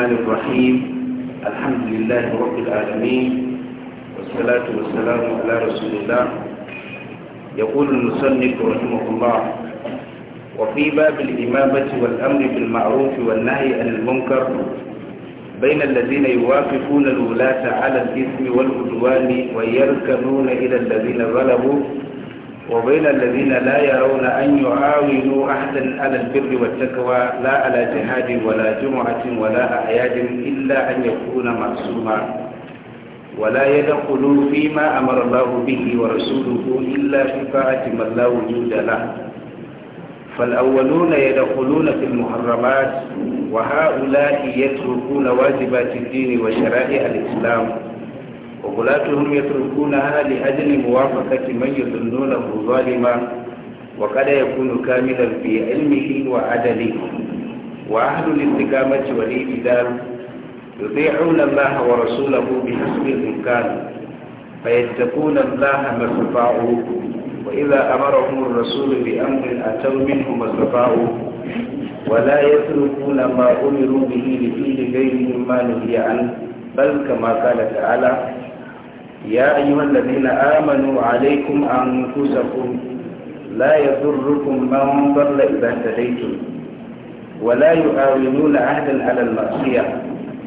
الرحمن الرحيم الحمد لله رب العالمين والصلاة والسلام على رسول الله يقول المصنف رحمه الله وفي باب الإمامة والأمر بالمعروف والنهي عن المنكر بين الذين يوافقون الولاة على الإثم والعدوان ويركنون إلى الذين ظلموا وبين الذين لا يرون أن يعاونوا أحدا على البر والتقوى لا على جهاد ولا جمعة ولا أعياد إلا أن يكون معصوما ولا يدخلوا فيما أمر الله به ورسوله إلا في طاعة من لا وجود له فالأولون يدخلون في المحرمات وهؤلاء يتركون واجبات الدين وشرائع الإسلام وغلاتهم يتركونها لأجل موافقة من يظنونه ظالما وقد يكون كاملا في علمه وعدله وأهل الاستقامة والاعتدال يطيعون الله ورسوله بحسب الإمكان فيتقون الله ما استطاعوا وإذا أمرهم الرسول بأمر أتوا منه ما استطاعوا ولا يتركون ما أمروا به لفعل غيرهم ما نهي عنه بل كما قال تعالى يا أيها الذين آمنوا عليكم أنفسكم لا يضركم من ضل إذا اهتديتم ولا يؤاولون عهدا على المعصية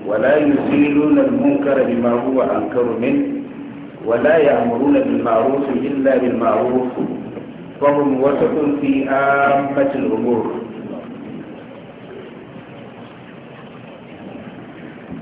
ولا يزيلون المنكر بما هو أنكر منه ولا يأمرون بالمعروف إلا بالمعروف فهم وسط في عامة الأمور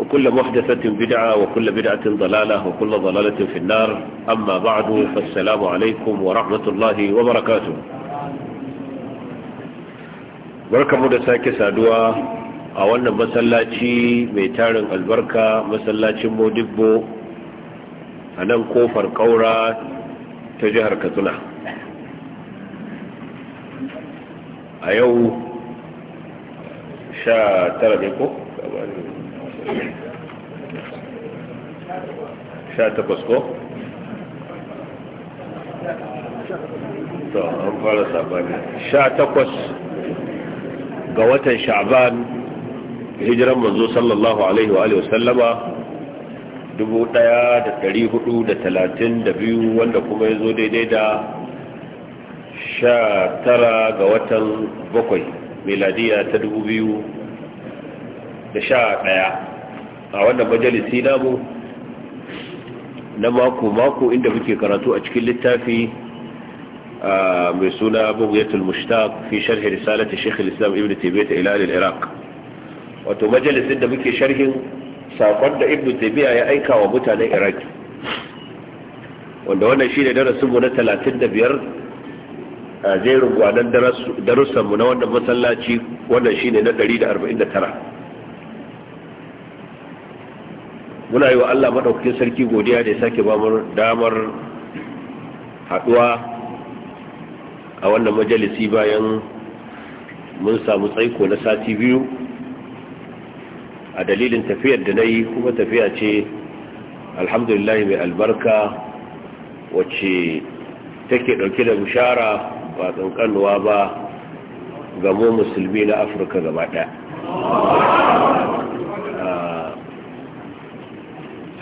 وكل محدثة بدعة وكل بدعة ضلالة وكل ضلالة في النار أما بعد فالسلام عليكم ورحمة الله وبركاته بركة مدساكي سادوا أولا مسلاتي ميتار البركة مسلاتي مودبو أنا مكوفر قورا تجهر كتنا أيو شا ترى ديكو sha takwas ko? to an fara sabani sha takwas ga watan sha'ban hijiran manzo sallallahu alaihi wa sallama dubu da da da talatin biyu wanda kuma ya zo daidai da sha tara ga watan bakwai meladiya ta dubu biyu da sha ɗaya. a wannan majalisi namu na mako-mako inda muke karatu a cikin littafi mai suna bugiyatul mushtaq fi sharhi risalati shekh islam ibn taymiyyah ila al-iraq wato majalisin da muke sharhin sakon da ibn taymiyyah ya aika wa mutanen iraq wanda wannan shine darasin mu na 35 a jerin gwanan darussan mu na wannan masallaci wannan shine na 149 muna yi wa Allah maɗaukakin sarki godiya da ya sake ba damar haɗuwa a wannan majalisi bayan mun samu tsaiko na sati biyu a dalilin tafiyar da na yi kuma tafiya ce alhamdulillah mai albarka wacce take ɗauke da bishara ba tsankanuwa ba ga mu musulmi na afirka gaba ɗaya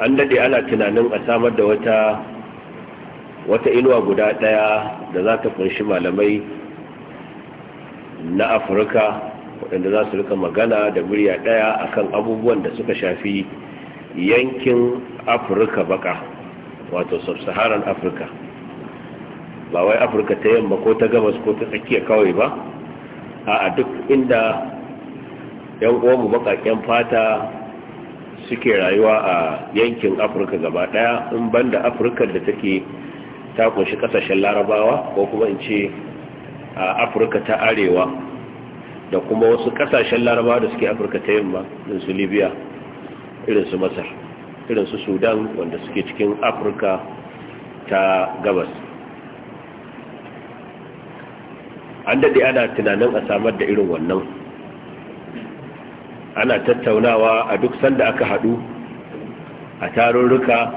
an daɗe ana tunanin a samar da wata wata inuwa guda ɗaya da za ta kunshi malamai na afirka waɗanda za su rika magana da murya daya akan abubuwan da suka shafi yankin afirka baka wato sub-saharan afirka ba wai afirka ta yamma ko ta gabas ko ta tsakiya kawai ba a duk inda yan uwanmu bakaken fata suke rayuwa a yankin afirka gaba daya in banda afirka da take ta kunshi kasashen larabawa ko kuma in ce a afirka ta arewa da kuma wasu kasashen larabawa da suke afirka ta yamma irin su libya irin su masar irin su sudan wanda suke cikin afirka ta gabas an daɗe ana tunanin a samar da irin wannan ana tattaunawa a duk sanda aka hadu a tarurruka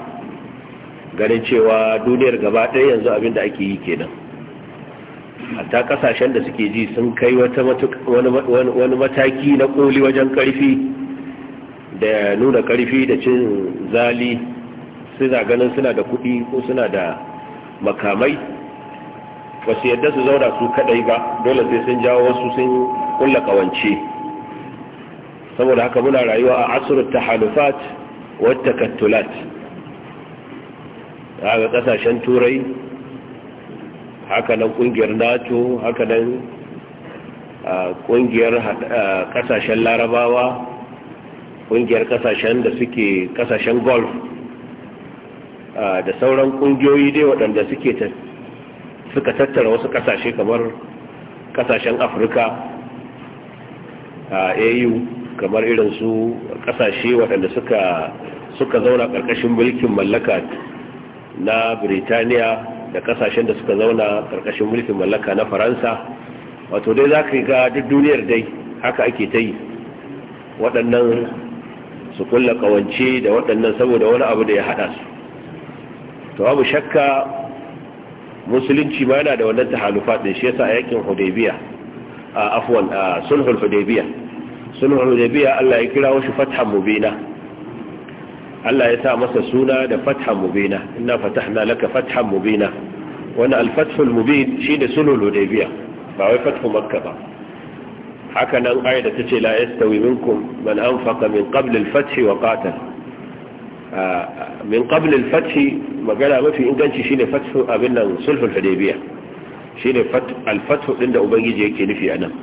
ganin cewa duniyar gaba ɗaya yanzu abin da ake yi kenan hatta kasashen da suke ji sun kai wani mataki na koli wajen ƙarfi da nuna ƙarfi da cin zali suna ganin suna da kuɗi ko suna da makamai ba su yadda su zauna su kaɗai ba dole sai sun jawo wasu sun kulla ƙawance saboda haka muna rayuwa a asrul tahalufat wata takattulat daga kasashen turai haka nan kungiyar nato haka nan kungiyar kasashen larabawa kungiyar kasashen da suke kasashen golf da sauran kungiyoyi dai waɗanda suke suka tattara wasu kasashe kamar kasashen afirka au kamar irin su kasashe waɗanda suka suka zauna ƙarƙashin mulkin mallaka na Birtaniya da kasashen da suka zauna ƙarƙashin mulkin mallaka na Faransa wato dai za ka ga duk duniyar dai haka ake ta yi waɗannan su kulla ƙawance da waɗannan saboda wani abu da ya haɗa su to babu shakka musulunci ma yana da wannan tahalufa ɗin shi yasa a yakin hudaybiya a afwan a sulhul hudaybiya sulhul hudaybiya Allah ya kira shi fathan mubina Allah ya sa masa suna da fathan mubina inna fatahna laka fathan mubina wannan al-fathul mubin shine sulhul hudaybiya ba wai fathu makka ba haka nan ayat da tace la yastawi minkum man anfaqa min qabl al-fath wa qatal min qabl al-fath magana mafi inganci shine fathu abin nan sulhul hudaybiya shine al-fathu din da ubangiji yake nufi anan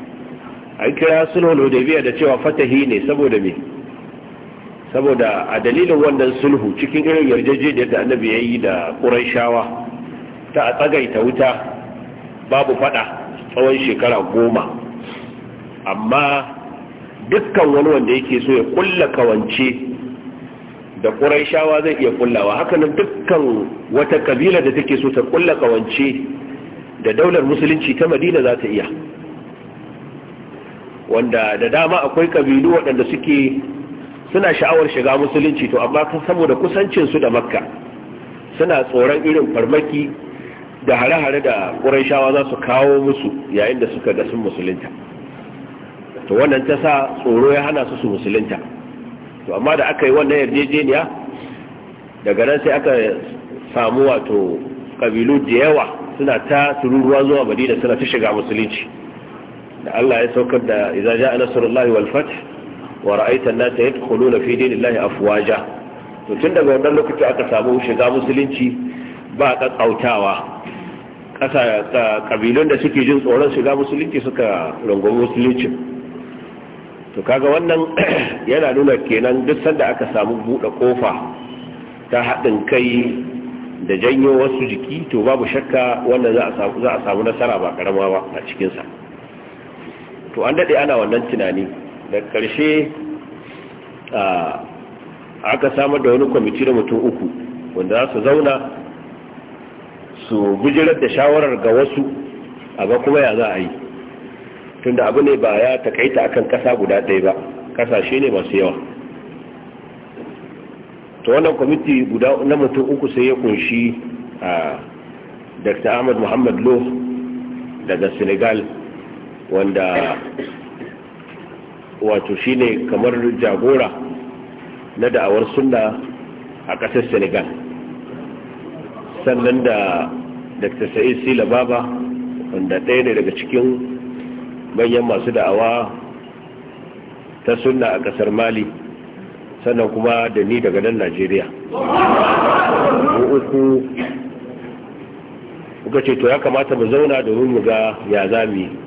an kira sulhul hudaybiya da cewa fatahi ne saboda me saboda a dalilin wannan sulhu cikin irin yarjejeniyar da annabi ya yi da ƙurayshawa ta a tsagaita wuta babu fada tsawon shekara goma amma dukkan wani wanda yake so ya kulla kawance da ƙuraishawa zai iya kullawa hakanan dukkan wata kabila da take so ta kulla kawance da daular musulunci ta madina za ta iya wanda da dama akwai kabilu waɗanda suke suna sha'awar shiga musulunci to amma kan saboda su da makka suna tsoron irin farmaki da hare-hare da ƙuraishawa za su kawo musu yayin da suka ga sun musulunta to wannan ta sa tsoro ya hana su su musulunta to amma da aka yi wannan yarjejeniya daga nan sai aka samu wato kabilu da yawa suna ta tururuwa zuwa madina suna ta shiga musulunci da Allah ya saukar da idza jaa nasrullahi wal fath wa ra'aita an-nasa yadkhuluna fi dinillahi afwaja to tun daga wannan lokaci aka samu shiga musulunci ba kautawa kasa kabilun da suke jin tsoron shiga musulunci suka rungumi musulunci to kaga wannan yana nuna kenan duk sanda aka samu bude kofa ta haɗin kai da janyo wasu jiki to babu shakka wannan za a samu nasara ba karama ba a cikinsa. to an daɗe ana wannan tunani da ƙarshe aka samar da wani kwamiti da mutum uku wanda za su zauna su gujirar da shawarar ga wasu abu kuma ya za a yi tunda abu ne ba ya takaita akan ƙasa guda ɗaya ba ƙasashe ne masu yawa to wannan kwamiti guda na mutum uku sai ya kunshi a dr ahmad muhammad lo daga senegal wanda wato shine kamar jagora na da'awar sunna a ƙasar senegal sannan da dr sa'id sila baba wanda ɗaya ne daga cikin manyan masu da'awa ta sunna a ƙasar mali sannan kuma da ni daga nan najeriya uku kuka ce to ya kamata mu zauna domin mu ga ya zami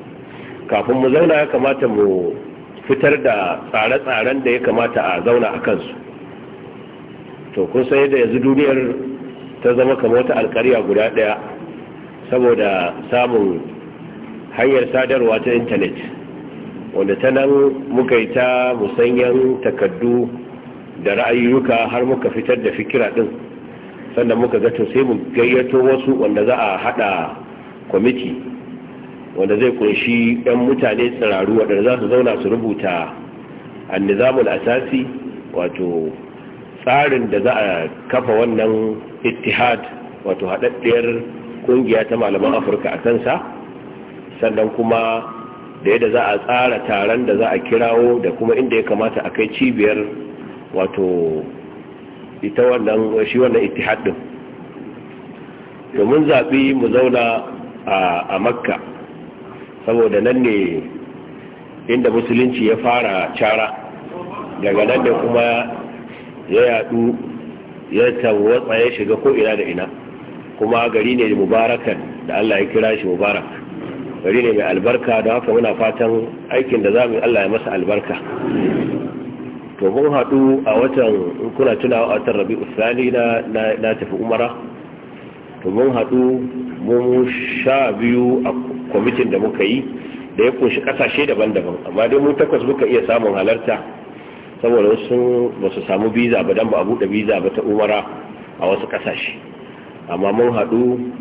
kafin mu zauna ya kamata mu fitar da tsare-tsaren da ya kamata a zauna a kansu to kun san yadda yanzu duniyar ta zama kamar wata alkariya guda daya saboda samun hanyar sadarwa ta intanet wanda ta nan muka yi ta musanyen takaddu da ra'ayyuka har muka fitar da fikira din sannan muka ga to sai mu gayyato wasu wanda za a hada kwamiti wanda zai kunshi 'yan mutane tsiraru waɗanda za su zauna su rubuta a nizamun asasi wato tsarin da za a kafa wannan ittihad wato haɗaɗɗiyar ƙungiya ta malaman afirka a kansa sannan kuma da yadda za a tsara taron da za a kirawo da kuma inda ya kamata a kai cibiyar wato ita wannan shi wannan ittihad ɗin domin zaɓi mu zauna a makka saboda nan ne inda musulunci ya fara cara daga nan da kuma ya yadu ya tawatsa ya shiga ko ina da ina kuma gari ne mubarakan da Allah ya kira shi mubarak gari ne mai albarka da haka muna fatan aikin da zamu Allah ya masa albarka to mun haɗu a watan kuna tuna a watan rabi sani na tafi umara to mun haɗu mun sha biyu kwamitin da muka yi da ya kunshi kasashe daban-daban amma dai mu takwas muka iya samun halarta saboda wasu ba su samu biza ba don ba a buɗe biza ba ta umara a wasu kasashe amma mun haɗu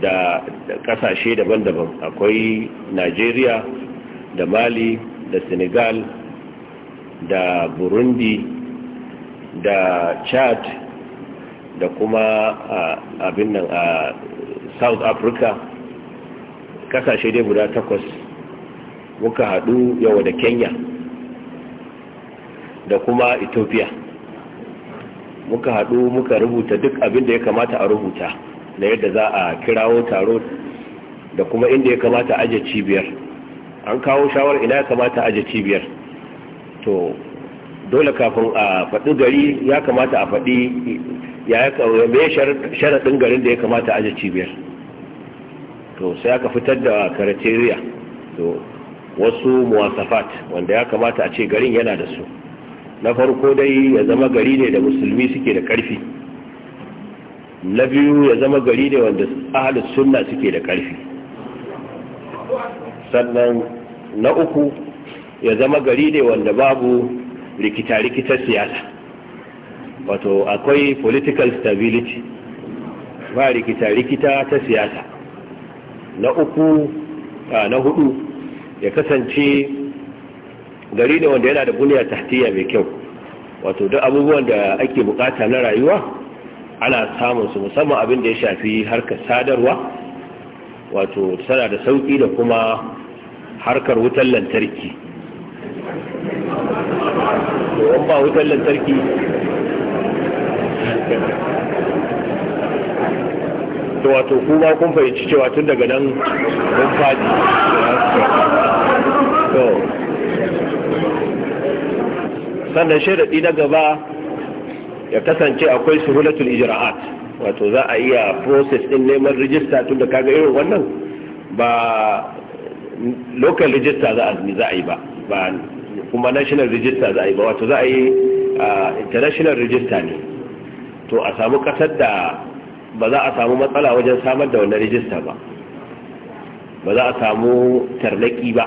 da kasashe daban-daban akwai nigeria da mali da senegal da burundi da chad da kuma ah, abin nan a ah, south africa kasashe dai guda takwas muka haɗu yawa da kenya da kuma ethiopia muka haɗu muka rubuta duk abin da ya kamata a rubuta na yadda za a kirawo taro da kuma inda ya kamata aje cibiyar an kawo shawar ina ya kamata aje cibiyar to dole kafin a faɗi gari ya kamata a faɗi ya sharaɗin garin da ya kamata aje cibiyar to sai aka fitar da criteria to wasu muwasafat wanda ya kamata a ce garin yana da su na farko dai ya zama gari ne da musulmi suke da karfi na biyu ya zama gari ne wanda ahalus sunna suke da karfi sannan na uku ya zama gari ne wanda babu rikita-rikitar siyasa wato akwai political stability ba rikita-rikita ta siyasa na uku na hudu ya kasance gari ne wanda yana da buniya tahtiya mai kyau wato duk abubuwan da ake bukata na rayuwa ana samun su musamman abin da ya shafi harkar sadarwa wato tana da sauki da kuma harkar wutar lantarki don wutar lantarki to wato ku ba kun fahimci cewa tun daga nan mun faɗi sannan shaidaɗi na gaba ya kasance akwai suhulatul ijra'at wato za a iya process ɗin neman rijista tun da kaga irin wannan ba local register za a yi ba ba kuma national register za a yi ba wato za a yi ah, international register ne to a samu kasar da ba za a samu matsala wajen samar da wannan rijista ba ba za a samu tarnaki ba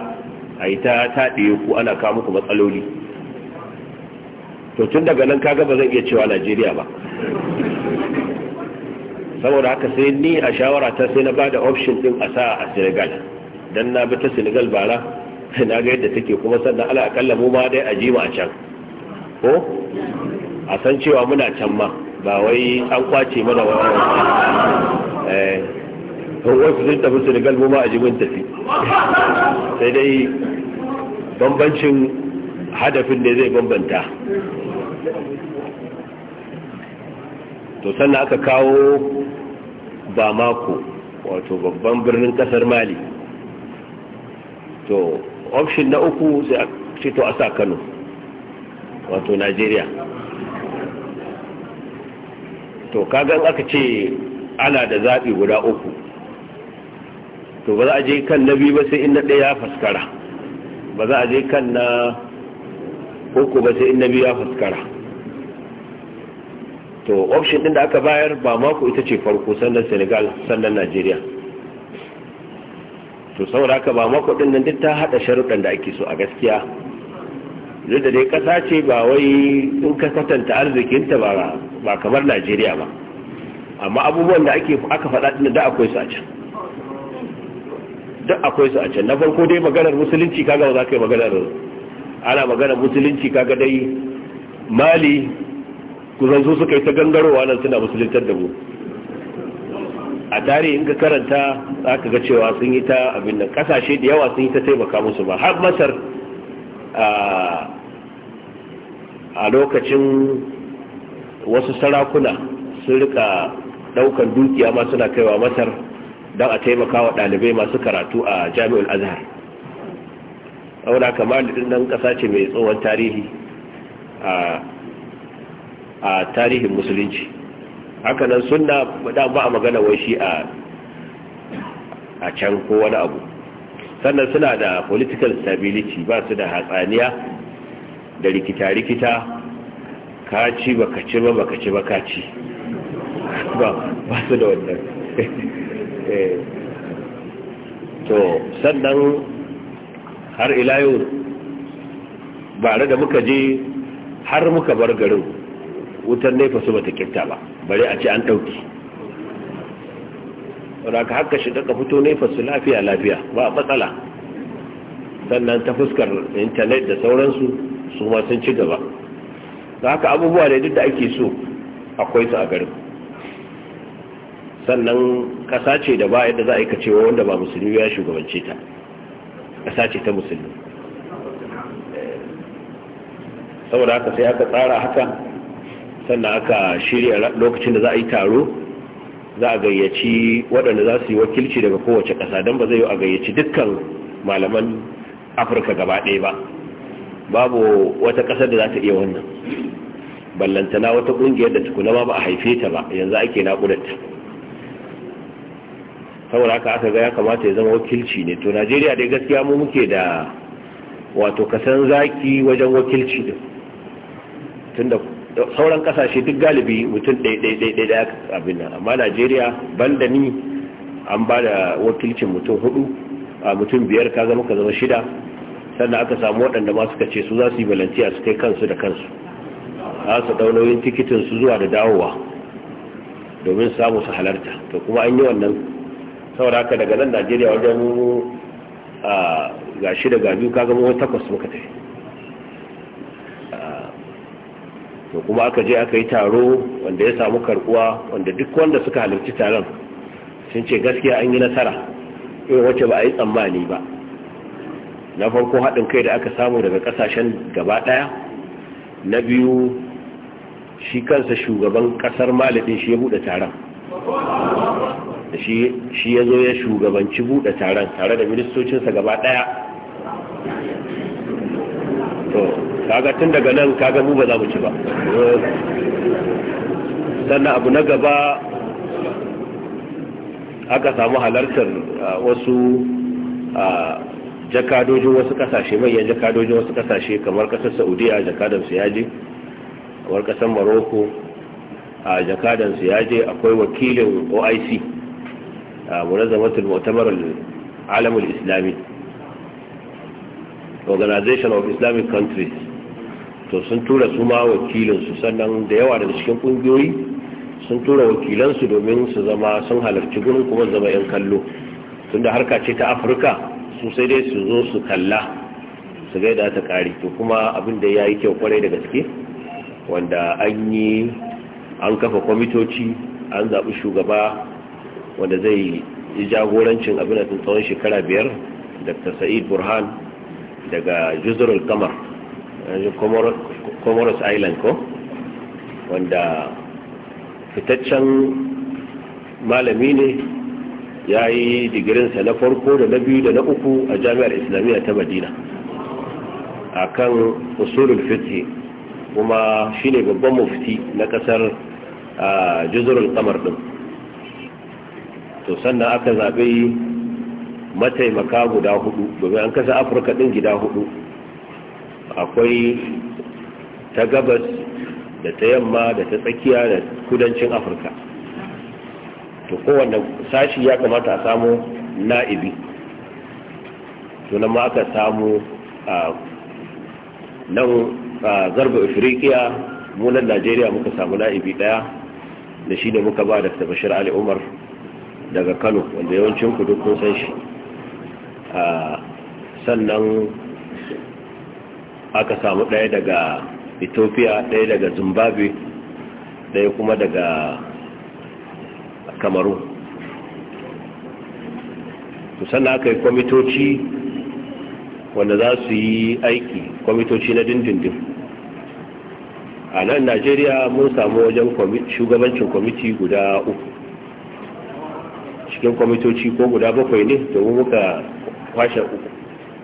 a yi ta taɗe ku ana kawo muku matsaloli to tun daga nan kaga ba zan iya cewa najeriya ba saboda haka sai ni a shawara ta sai na ba da option ɗin a sa a senegal don na bi ta senegal bara na ga yadda take kuma sannan ala akalla mu ma dai a jima a can ko a san cewa muna can ma ba wai an kwace mana wannan eh wasu sun tafi Senegal mu ma a mun tafi sai dai bambancin hadafin da zai bambanta to sannan aka kawo bamako wato babban birnin kasar mali to option na uku sai a ce a sa kano wato Najeriya. to kaga aka ce ana da zaɓi guda uku to ba za a je kan na biyu ba sai in na ɗaya ya faskara ba za a je kan na uku ba sai in na biyu ya faskara to option ɗin da aka bayar ba mako ita ce farko sannan senegal sannan najeriya to saboda haka ba mako ɗin nan duk ta haɗa sharuɗan da ake so a gaskiya zai da dai ƙasa ce ba wai in ka kwatanta arzikinta ba kamar najeriya ba amma abubuwan da aka faɗa da akwai su a can da akwai su a can na farko dai maganar musulunci kaga ba za ka yi maganar ana maganar musulunci kaga dai mali kusan su suka yi ta gangarowa nan suna musuluntar da mu a tarihi in ka karanta za ka ga cewa sun yi ta abin da kasashe da yawa sun yi ta taimaka musu ba har masar a lokacin wasu sarakuna sun rika daukan dukiya ma suna kaiwa masar don a taimaka wa ɗalibai masu karatu a jami'ul azhar saboda kamar da nan ƙasa ce mai tsohon tarihi a tarihin musulunci hakanan suna, da ba a magana wai shi a can ko wani abu sannan suna da political stability ba su da hatsaniya da rikita-rikita ka ci ba ka ci ba ba ka ci ba ka ci ba su da wannan eh. to sannan har ila ba bare da muka je har muka bar garin wutar nefa su ta ƙirta ba bare a ce an ɗauki raka haka shi daga fito ne fasu lafiya lafiya ba matsala sannan ta fuskar intanet da sauransu su ma sun ci gaba da haka abubuwa da duk da ake so akwai su a garin sannan kasa ce da ba yadda za a yi kacewa wanda ba musulmi ya shugabance ta kasa ce ta musulmi saboda haka sai aka tsara haka sannan aka shirya lokacin da za a yi taro za a gayyaci waɗanda za su yi wakilci daga kowace ƙasa don ba zai yi a gayyaci dukkan malaman afirka gaba ɗaya ba babu wata ƙasar da za ta iya wannan ballantana wata ƙungiyar da tukuna ma ba a haife ta ba yanzu ake Ta saboda haka aka ga ya kamata ya zama wakilci ne to najeriya dai gaskiya mu muke da wato kasan zaki wajen wakilci din tunda sauran kasashe duk galibi mutum ɗaiɗaiɗaiɗai da abin nan amma najeriya banda ni an ba da wakilcin mutum hudu a mutum biyar ka zama ka zama shida sannan aka samu waɗanda ma suka ce su za su yi balantiya su kai kansu da kansu za su ɗau nauyin tikitin su zuwa da dawowa domin samu su halarta to kuma an yi wannan saboda haka daga nan najeriya wajen ga shida ga biyu ka zama takwas muka tafi to kuma aka je aka yi taro wanda ya samu karbuwa wanda duk wanda suka halarci taron sun ce gaskiya an yi nasara irin eh, wacce ba a yi tsammani ba na farko haɗin kai da aka samu daga ƙasashen gaba ɗaya na biyu shi kansa shugaban ƙasar malibin shi ya buɗe taron da shi ya zo ya shugabanci buɗe taron tare da ministocinsa gaba ɗaya kaga tun daga nan kaga mu ba za mu ci ba sannan abu na gaba aka samu halartar wasu jakadojin wasu kasashe manyan jakadojin wasu kasashe kamar kasar saudiya jakadansu ya je kamar kasar maroko a jakadansu ya je akwai wakilin oic a munazzamatul mu'tamar alamul islami organization of islamic countries to sun tura su ma wakilinsu sannan da yawa daga cikin kungiyoyi sun tura wakilansu domin su zama sun halarci gurin kuma zama 'yan kallo tunda harka ce ta afirka su sai dai su zo su kalla su ga da ta kare to kuma abin da ya yi kyau kwarai da gaske wanda an yi an kafa kwamitoci an zaɓi shugaba wanda zai yi jagorancin abin da tsawon shekara biyar dr sa'id burhan daga juzurul kamar comoros island ko wanda fitaccen malami ne ya yi digirinsa na farko da na biyu da na uku a jami'ar islamiyya ta madina a kan usulul fiti kuma shine babban mufti na kasar juzurul kamar din to sannan aka zaɓe mataimaka guda hudu domin an kasa afirka ɗin gida hudu akwai ta gabas da ta yamma da ta tsakiya da kudancin afirka to kowanne sashi ya kamata a samu na'ibi tunan ma aka samu a nan zarba afirikiya munan najeriya muka samu na'ibi daya da shi da muka ba da tabashir ali umar daga kano wanda yawancin kudu duk kun san shi sannan aka samu ɗaya daga ethiopia ɗaya daga zimbabwe ɗaya kuma daga Cameroon kamaru sannan aka yi kwamitoci wanda za su yi aiki kwamitoci na dindindin a nan najeriya mun samu wajen shugabancin kwamiti guda uku cikin kwamitoci ko guda bakwai ne domin muka kwashe uku.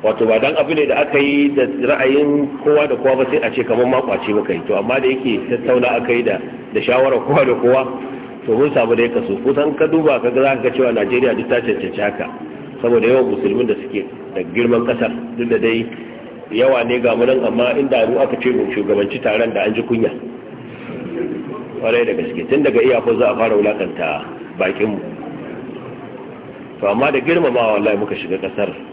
wato ba dan abu ne da aka yi da ra'ayin kowa da kowa ba sai a ce kamar ma kwace muka yi to amma da yake tattauna aka yi da da shawarar kowa da kowa to mun samu da so kusan ka duba ka ga zaka cewa Najeriya duk ta cancanci haka saboda yawan musulmin da suke da girman kasar duk da dai yawa ne ga mun amma inda ru aka ce mu shugabanci taron da an ji kunya kwarai da gaske tun daga iyakar za a fara wulakanta bakin mu to amma da girmamawa wallahi muka shiga kasar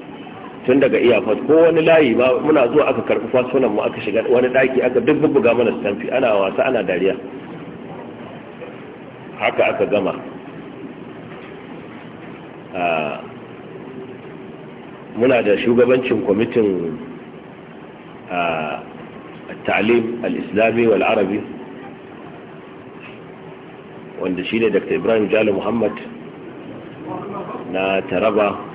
tun daga iyafas ko wani layi ba muna zuwa aka karɓi fasunan mu aka shiga wani ɗaki aka duk bubbuga mana stamfi ana wasa ana dariya haka aka gama muna da shugabancin kwamitin talib al-islami wal-arabi wanda shi ne dr ibrahim jalo muhammad na taraba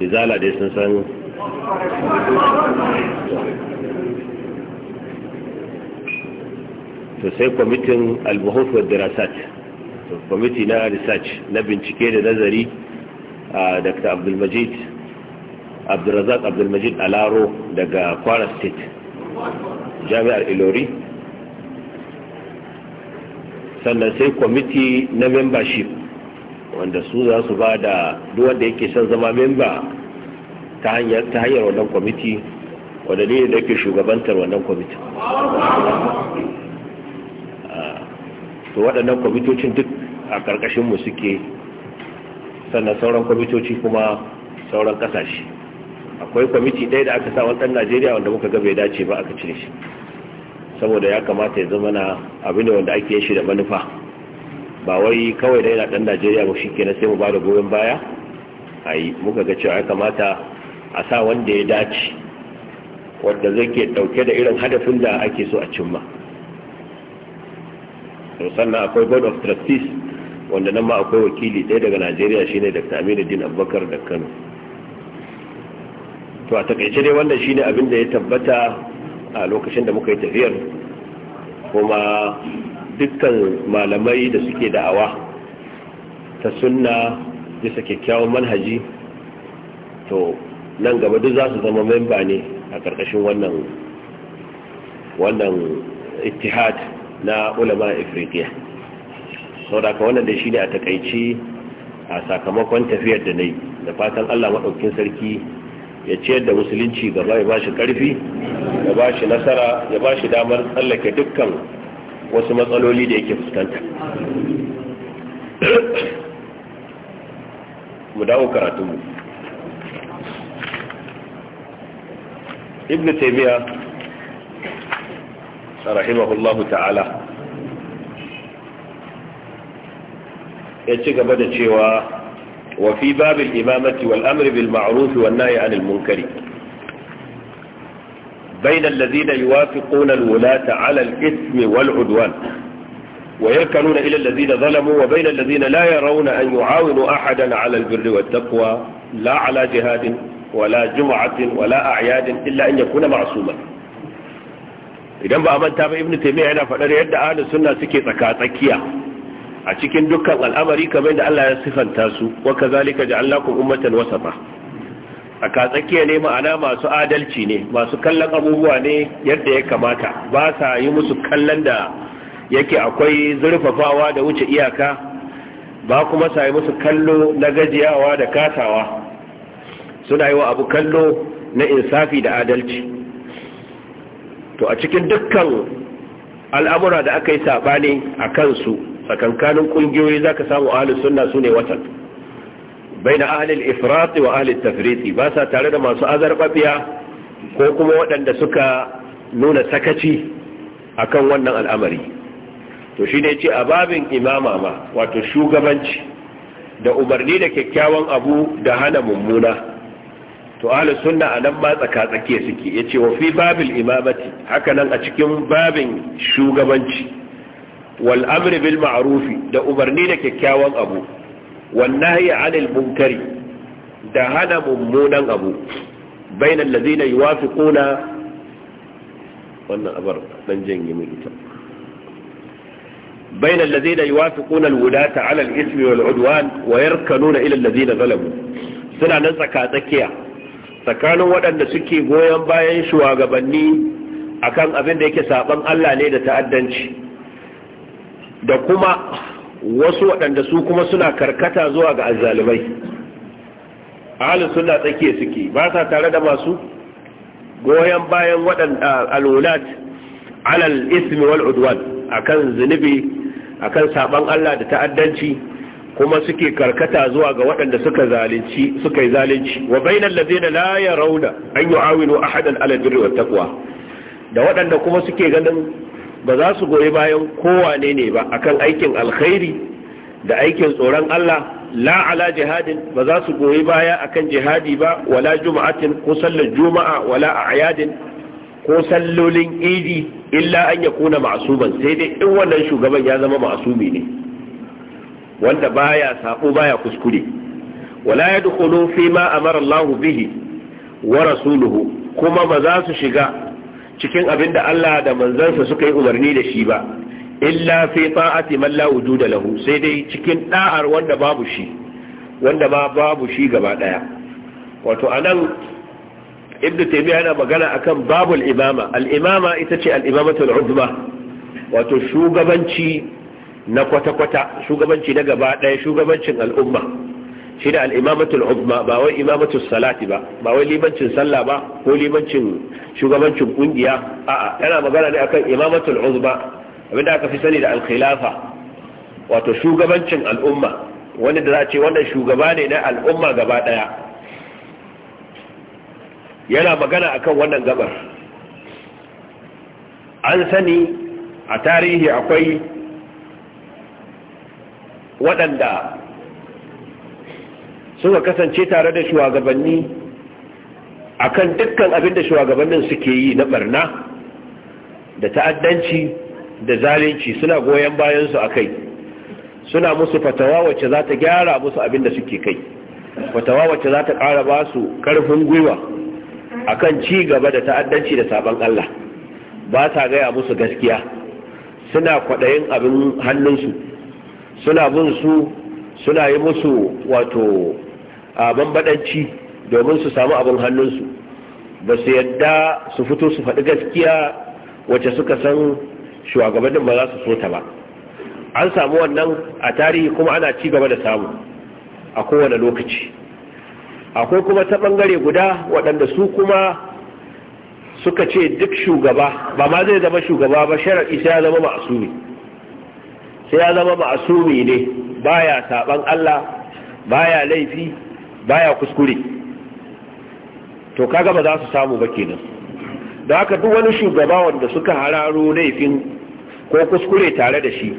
izala dai sun san to sai kwamitin da wa dirasat kwamiti na research na bincike da nazari a dr abdulmajid abdulrazak abdulmajid alaro daga kwara state jami'ar ilori sannan sai kwamiti na membership wanda su za su ba da duwanda yake son zama memba ta hanyar wannan kwamiti wanda ne da yake shugabantar wannan kwamitin ah, to waɗannan kwamitocin duk a ƙarƙashinmu suke sannan sauran kwamitoci kuma sauran ƙasashe akwai kwamiti ɗaya da aka sa ɗan najeriya wanda muka ga bai dace ba aka cire shi saboda ya kamata ya zama na abu ne wanda ake yin shi da manufa ba wai kawai da yana dan najeriya ba shi kenan sai mu ba da goyon baya a yi muka ga cewa ya kamata a sa wanda ya dace wanda zai ke ɗauke da irin hadafin da ake so a cimma sannan akwai board of trustees wanda nan ma akwai wakili ɗaya daga najeriya shine dr aminu din abubakar da kano to a takaice dai wannan shine abin da ya tabbata a lokacin da muka yi tafiyar kuma dukkan malamai da suke da'awa ta sunna bisa kyakkyawan manhaji to nan gaba duk za su zama memba ne a ƙarƙashin wannan wannan ittihad na ulama afirka sau da wannan da shi ne a takaici a sakamakon tafiyar da na yi da fatan allah maɗaukin sarki ya ciyar da musulunci gaba ya ba shi ƙarfi ya ba shi nasara ya ba shi damar tsallake dukkan wasu matsaloli da yake fuskanta mu dawo karatunmu ibn taymiya rahimahullahu ta'ala ya ci gaba da cewa wa fi babil imamati wal amri bil ma'ruf wan nahyi anil munkari بين الذين يوافقون الولاة على الإثم والعدوان ويركنون إلى الذين ظلموا وبين الذين لا يرون أن يعاونوا أحدا على البر والتقوى لا على جهاد ولا جمعة ولا أعياد إلا أن يكون معصوما idan ba a manta ba ibnu taymiya yana faɗar yadda ahlus sunna suke tsaka tsakiya a cikin dukkan al'amari kamar da Allah ya sifanta su wa kazalika ja'alnakum ummatan wasata a katsakiya ne ma'ana masu adalci ne masu kallon abubuwa ne yadda ya kamata ba sa yi musu kallon da yake akwai zurfafawa da wuce iyaka ba kuma sa yi musu kallo na gajiyawa da katawa, suna yi wa abu kallo na insafi da adalci to a cikin dukkan al'amura da aka yi saɓani a kansu tsakankanin ƙungiyoyi za ka samu ahalus sunna su ne watan bai na ahalin ifrati wa ahalin tafriti ba sa tare da masu azarbabiya ko kuma waɗanda suka nuna sakaci akan wannan al'amari to shi ne ce a babin imama ma wato shugabanci da umarni da kyakkyawan abu da hana mummuna to ahli sunna a nan ma tsakatsakiya suke ya ce wa fi babil imamati hakanan a cikin babin shugabanci wal amri bil ma'arufi da umarni da kyakkyawan abu والنهي عن المنكر da hana mummunan abu bayan wannan suna nan tsaka tsakiya tsakanin waɗanda suke goyon bayan shugabanni akan abin yake Allah ne da ta'addanci da kuma wasu waɗanda su kuma suna karkata zuwa ga azzalumai ahalin suna tsakiya suke ba sa tare da masu goyon bayan waɗanda alwulat alal ismi wal udwan akan zunubi akan saban Allah da ta'addanci kuma suke karkata zuwa ga waɗanda suka zalunci suka yi zalunci wa bainal ladina la yarawna an yu'awinu ahadan ala birri wat taqwa da waɗanda kuma suke ganin ba za su goyi bayan kowane ne ba akan aikin alkhairi da aikin tsoron Allah la ala jihadin ba za su goyi baya akan jihadi ba wala juma'atin ko sallar juma'a wala a'yadin ko sallolin idi illa an ya kuna ma'asuban sai dai in wannan shugaban ya zama ma'asumi ne wanda baya sako baya kuskure wala yadkhulu fi ma amara Allah bihi wa rasuluhu kuma ba za su shiga cikin abin da Allah da manzansa suka yi umarni da shi ba illa fi ta'ati man la wujuda lahu sai dai cikin da'ar wanda babu shi wanda ma babu shi gaba daya wato anan ibnu taymiya yana magana akan babul imama al imama ita ce al imamatu al wato shugabanci na kwata kwata shugabanci na gaba daya shugabancin al'umma shi da al'imamatul ba wai imamatul salati ba ba wai limancin sallah ba ko limancin shugabancin kungiya a'a yana magana ne akan imamatul uzma abinda aka fi sani da al-khilafa wato shugabancin al'umma wani da za a ce wannan shugaba ne na al'umma gaba daya yana magana akan wannan gabar an sani a tarihi akwai waɗanda suka kasance tare da shugabanni akan dukkan abin da shugabannin suke yi na barna da ta'addanci da zalunci suna goyon bayansu a kai suna musu fatawa wacce za ta gyara musu abin da suke kai fatawa wacce za ta ƙara ba su ƙarfin gwiwa akan ci gaba da ta'addanci da sabon Allah ba ta gaya musu gaskiya suna kwaɗayin abin hannunsu suna bin su suna yi musu wato a bambadanci domin su samu abin hannunsu ba su yadda su fito su faɗi gaskiya wacce suka san shugabannin ba za su so ta ba an samu wannan a tarihi kuma ana ci gaba da samu a kowane lokaci akwai kuma ta ɓangare guda waɗanda su kuma suka ce duk shugaba ba ma zai zama shugaba ba shirar isa ya zama ma'asumi sai ya zama ma'asumi ne baya saban Allah baya laifi baya kuskure to kaga ba za su samu ba kenan da haka duk wani shugaba wanda suka hararo laifin ko kuskure tare da shi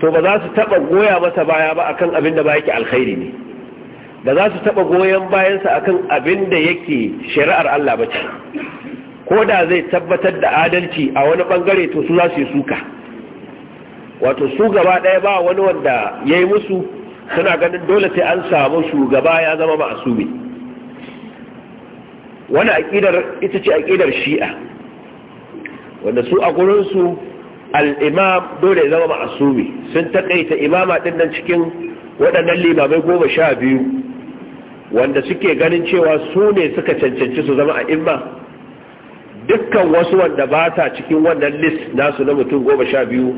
to ba za su taba goya masa baya ba akan abin da ba yake alkhairi ne ba za su taba goyon bayansa akan abin da yake shari'ar Allah ba ce ko da zai tabbatar da adalci a wani bangare to su za su yi suka wato su gaba ɗaya ba wani wanda ya yi musu suna ganin dole sai an samu shugaba ya zama ma'asumi wani aƙidar ita ce aƙidar shi'a wanda su a gurinsu al'imam dole ya zama ma'asumi sun taƙaita imama ɗinnan cikin waɗannan limamai goma sha biyu wanda suke ganin cewa su ne suka cancanci su zama a imma dukkan wasu wanda ba ta cikin wannan list nasu na mutum goma sha biyu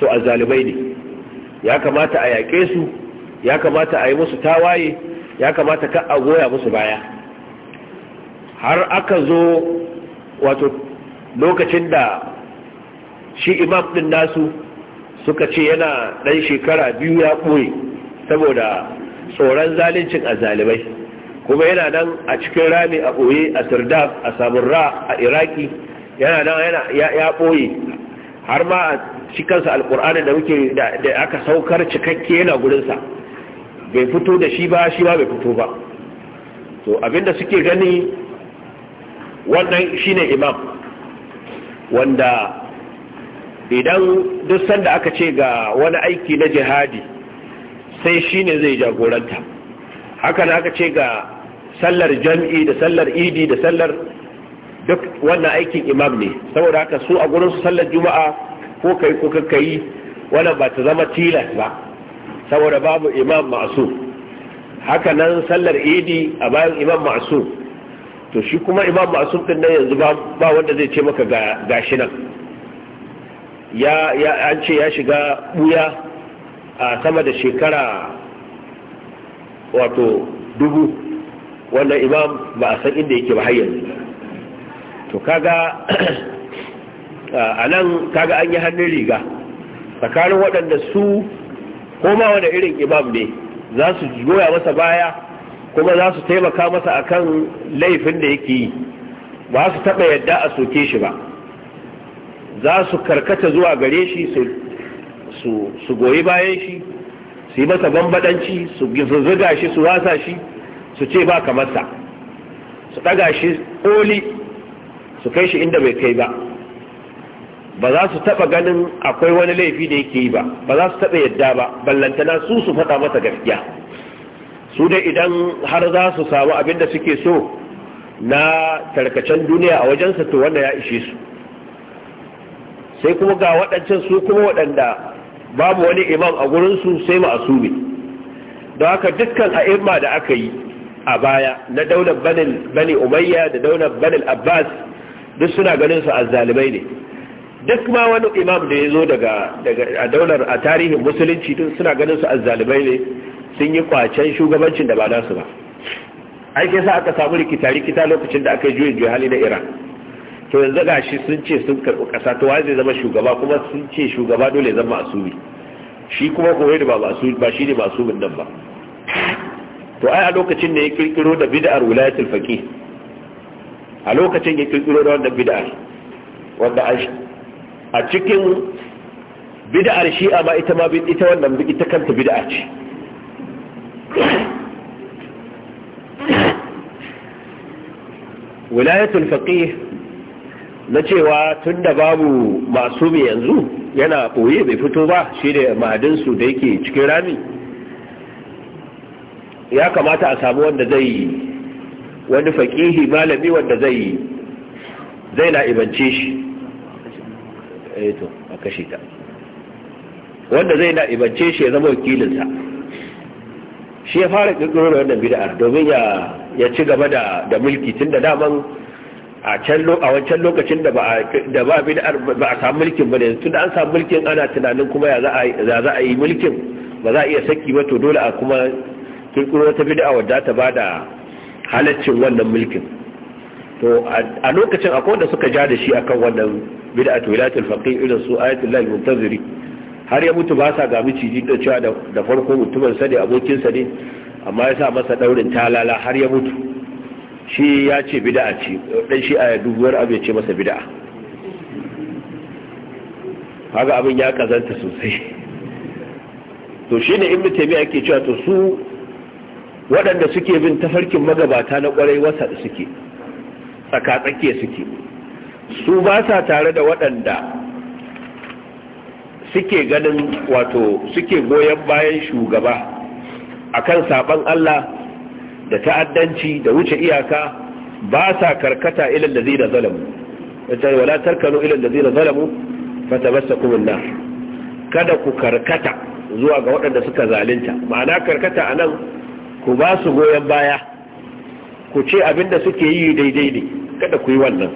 to a zalibai ne ya kamata a yaƙe su ya kamata a yi musu tawaye ya kamata ka a goya musu baya har aka zo wato lokacin da shi imam din nasu suka ce yana ɗan shekara biyu ya ɓoye saboda tsoron zalincin zalibai, kuma yana nan a cikin rami a ɓoye a sirdaf a samurra a iraki yana nan ya ɓoye har ma a cikinsa alƙur'ani da da aka saukar cikakke yana gudunsa. bai fito da shi ba shi ba bai fito ba to abinda suke gani wannan shine imam wanda idan duk sanda aka ce ga wani aiki na jihadi sai shine zai jagoranta haka na aka ce ga sallar jam'i da sallar idi da sallar duk wannan aikin imam ne saboda haka su a gurin su sallar juma'a ko kai ko kai wannan ba ta zama tilas ba saboda babu imam masu haka nan sallar idi a bayan imam masu to shi kuma imam masu din nan yanzu ba wanda zai ce maka gashi nan ya an ce ya shiga buya a sama da shekara wato dubu wannan imam ba a san inda yake ba har yanzu to kaga a nan kaga an yi hannun riga tsakanin waɗanda su ko ma wani irin imam ne za su goya masa baya kuma za su taimaka masa akan laifin da yake yi ba su taɓa yadda a soke shi ba za su karkata zuwa gare shi su goyi bayan shi su yi masa bambadanci su zuga shi su wasa shi su ce ba masa, su ɗaga shi ƙoli su kai shi inda bai kai ba ba za su taba ganin akwai wani laifi da yake yi ba ba za su taba yadda ba ballantana su su faɗa masa gaskiya su dai idan har za su samu abin da suke so na tarkacen duniya a wajensa to wanda ya ishe su sai kuma ga waɗancan su kuma waɗanda babu wani imam a su sai ma'asumi don haka dukkan a'imma da aka yi a baya na daular bani umayya da daular banin abbas duk suna ganin su azzalibai ne duk ma wani imam da ya zo daga a daular a tarihin musulunci tun suna ganin su azzalibai ne sun yi kwacen shugabancin da ba nasu ba ake sa aka samu rikita rikita lokacin da aka yi juyin juhali hali na iran to yanzu ga shi sun ce sun karɓi ƙasa to wani zai zama shugaba kuma sun ce shugaba dole zama asubi shi kuma kuma da ba shi ne masumin nan ba to ai a lokacin da ya kirkiro da bid'ar wilayatul faqih a lokacin ya kirkiro da wannan bid'ar wanda a cikin bid'ar shi'a ma ita ma ita wannan ita kanta bid'a ce wilayatul faqih na cewa tunda babu masumi yanzu yana ɓoye bai fito ba shi da su da yake cikin rami ya kamata a samu wanda zai wani faƙihi malami wanda zai zai na ibance shi Eh a kashe ta wanda zai na ibance shi ya zama wakilinsa shi ya fara kirkiro da wannan bid'a domin ya ya ci gaba da da mulki tunda daman a can a wancan lokacin da ba da ba bid'ar ba a samu mulkin ba ne an samu mulkin ana tunanin kuma ya za a za a yi mulkin ba za a iya saki ba to dole a kuma kirkiro ta bid'a wadda ta bada halaccin wannan mulkin to a lokacin akwai wanda suka ja da shi akan wannan bid'atu wilayatul faqih irin su ayatul lahi muntaziri har ya mutu ba sa ga miciji da cewa da farko mutumin sa ne abokin sa ne amma ya sa masa daurin talala har ya mutu shi ya ce bid'a ce dan shi a dubuwar abu ya ce masa bid'a haka abin ya kazanta sosai to shi ne ibnu taymiya yake cewa to su waɗanda suke bin tafarkin magabata na kwarai wasa suke tsakatsakiya suke su ba sa tare da waɗanda suke ganin wato suke goyon bayan shugaba akan saɓon Allah da ta'addanci da wuce iyaka ba sa karkata zai ladina zalamu wata wala da zai ladina zalamu fatamassakum basta nar kada ku karkata zuwa ga waɗanda suka zalunta ma'ana karkata anan ku ba su goyon baya ku ce abinda suke yi daidai ne kada ku yi wannan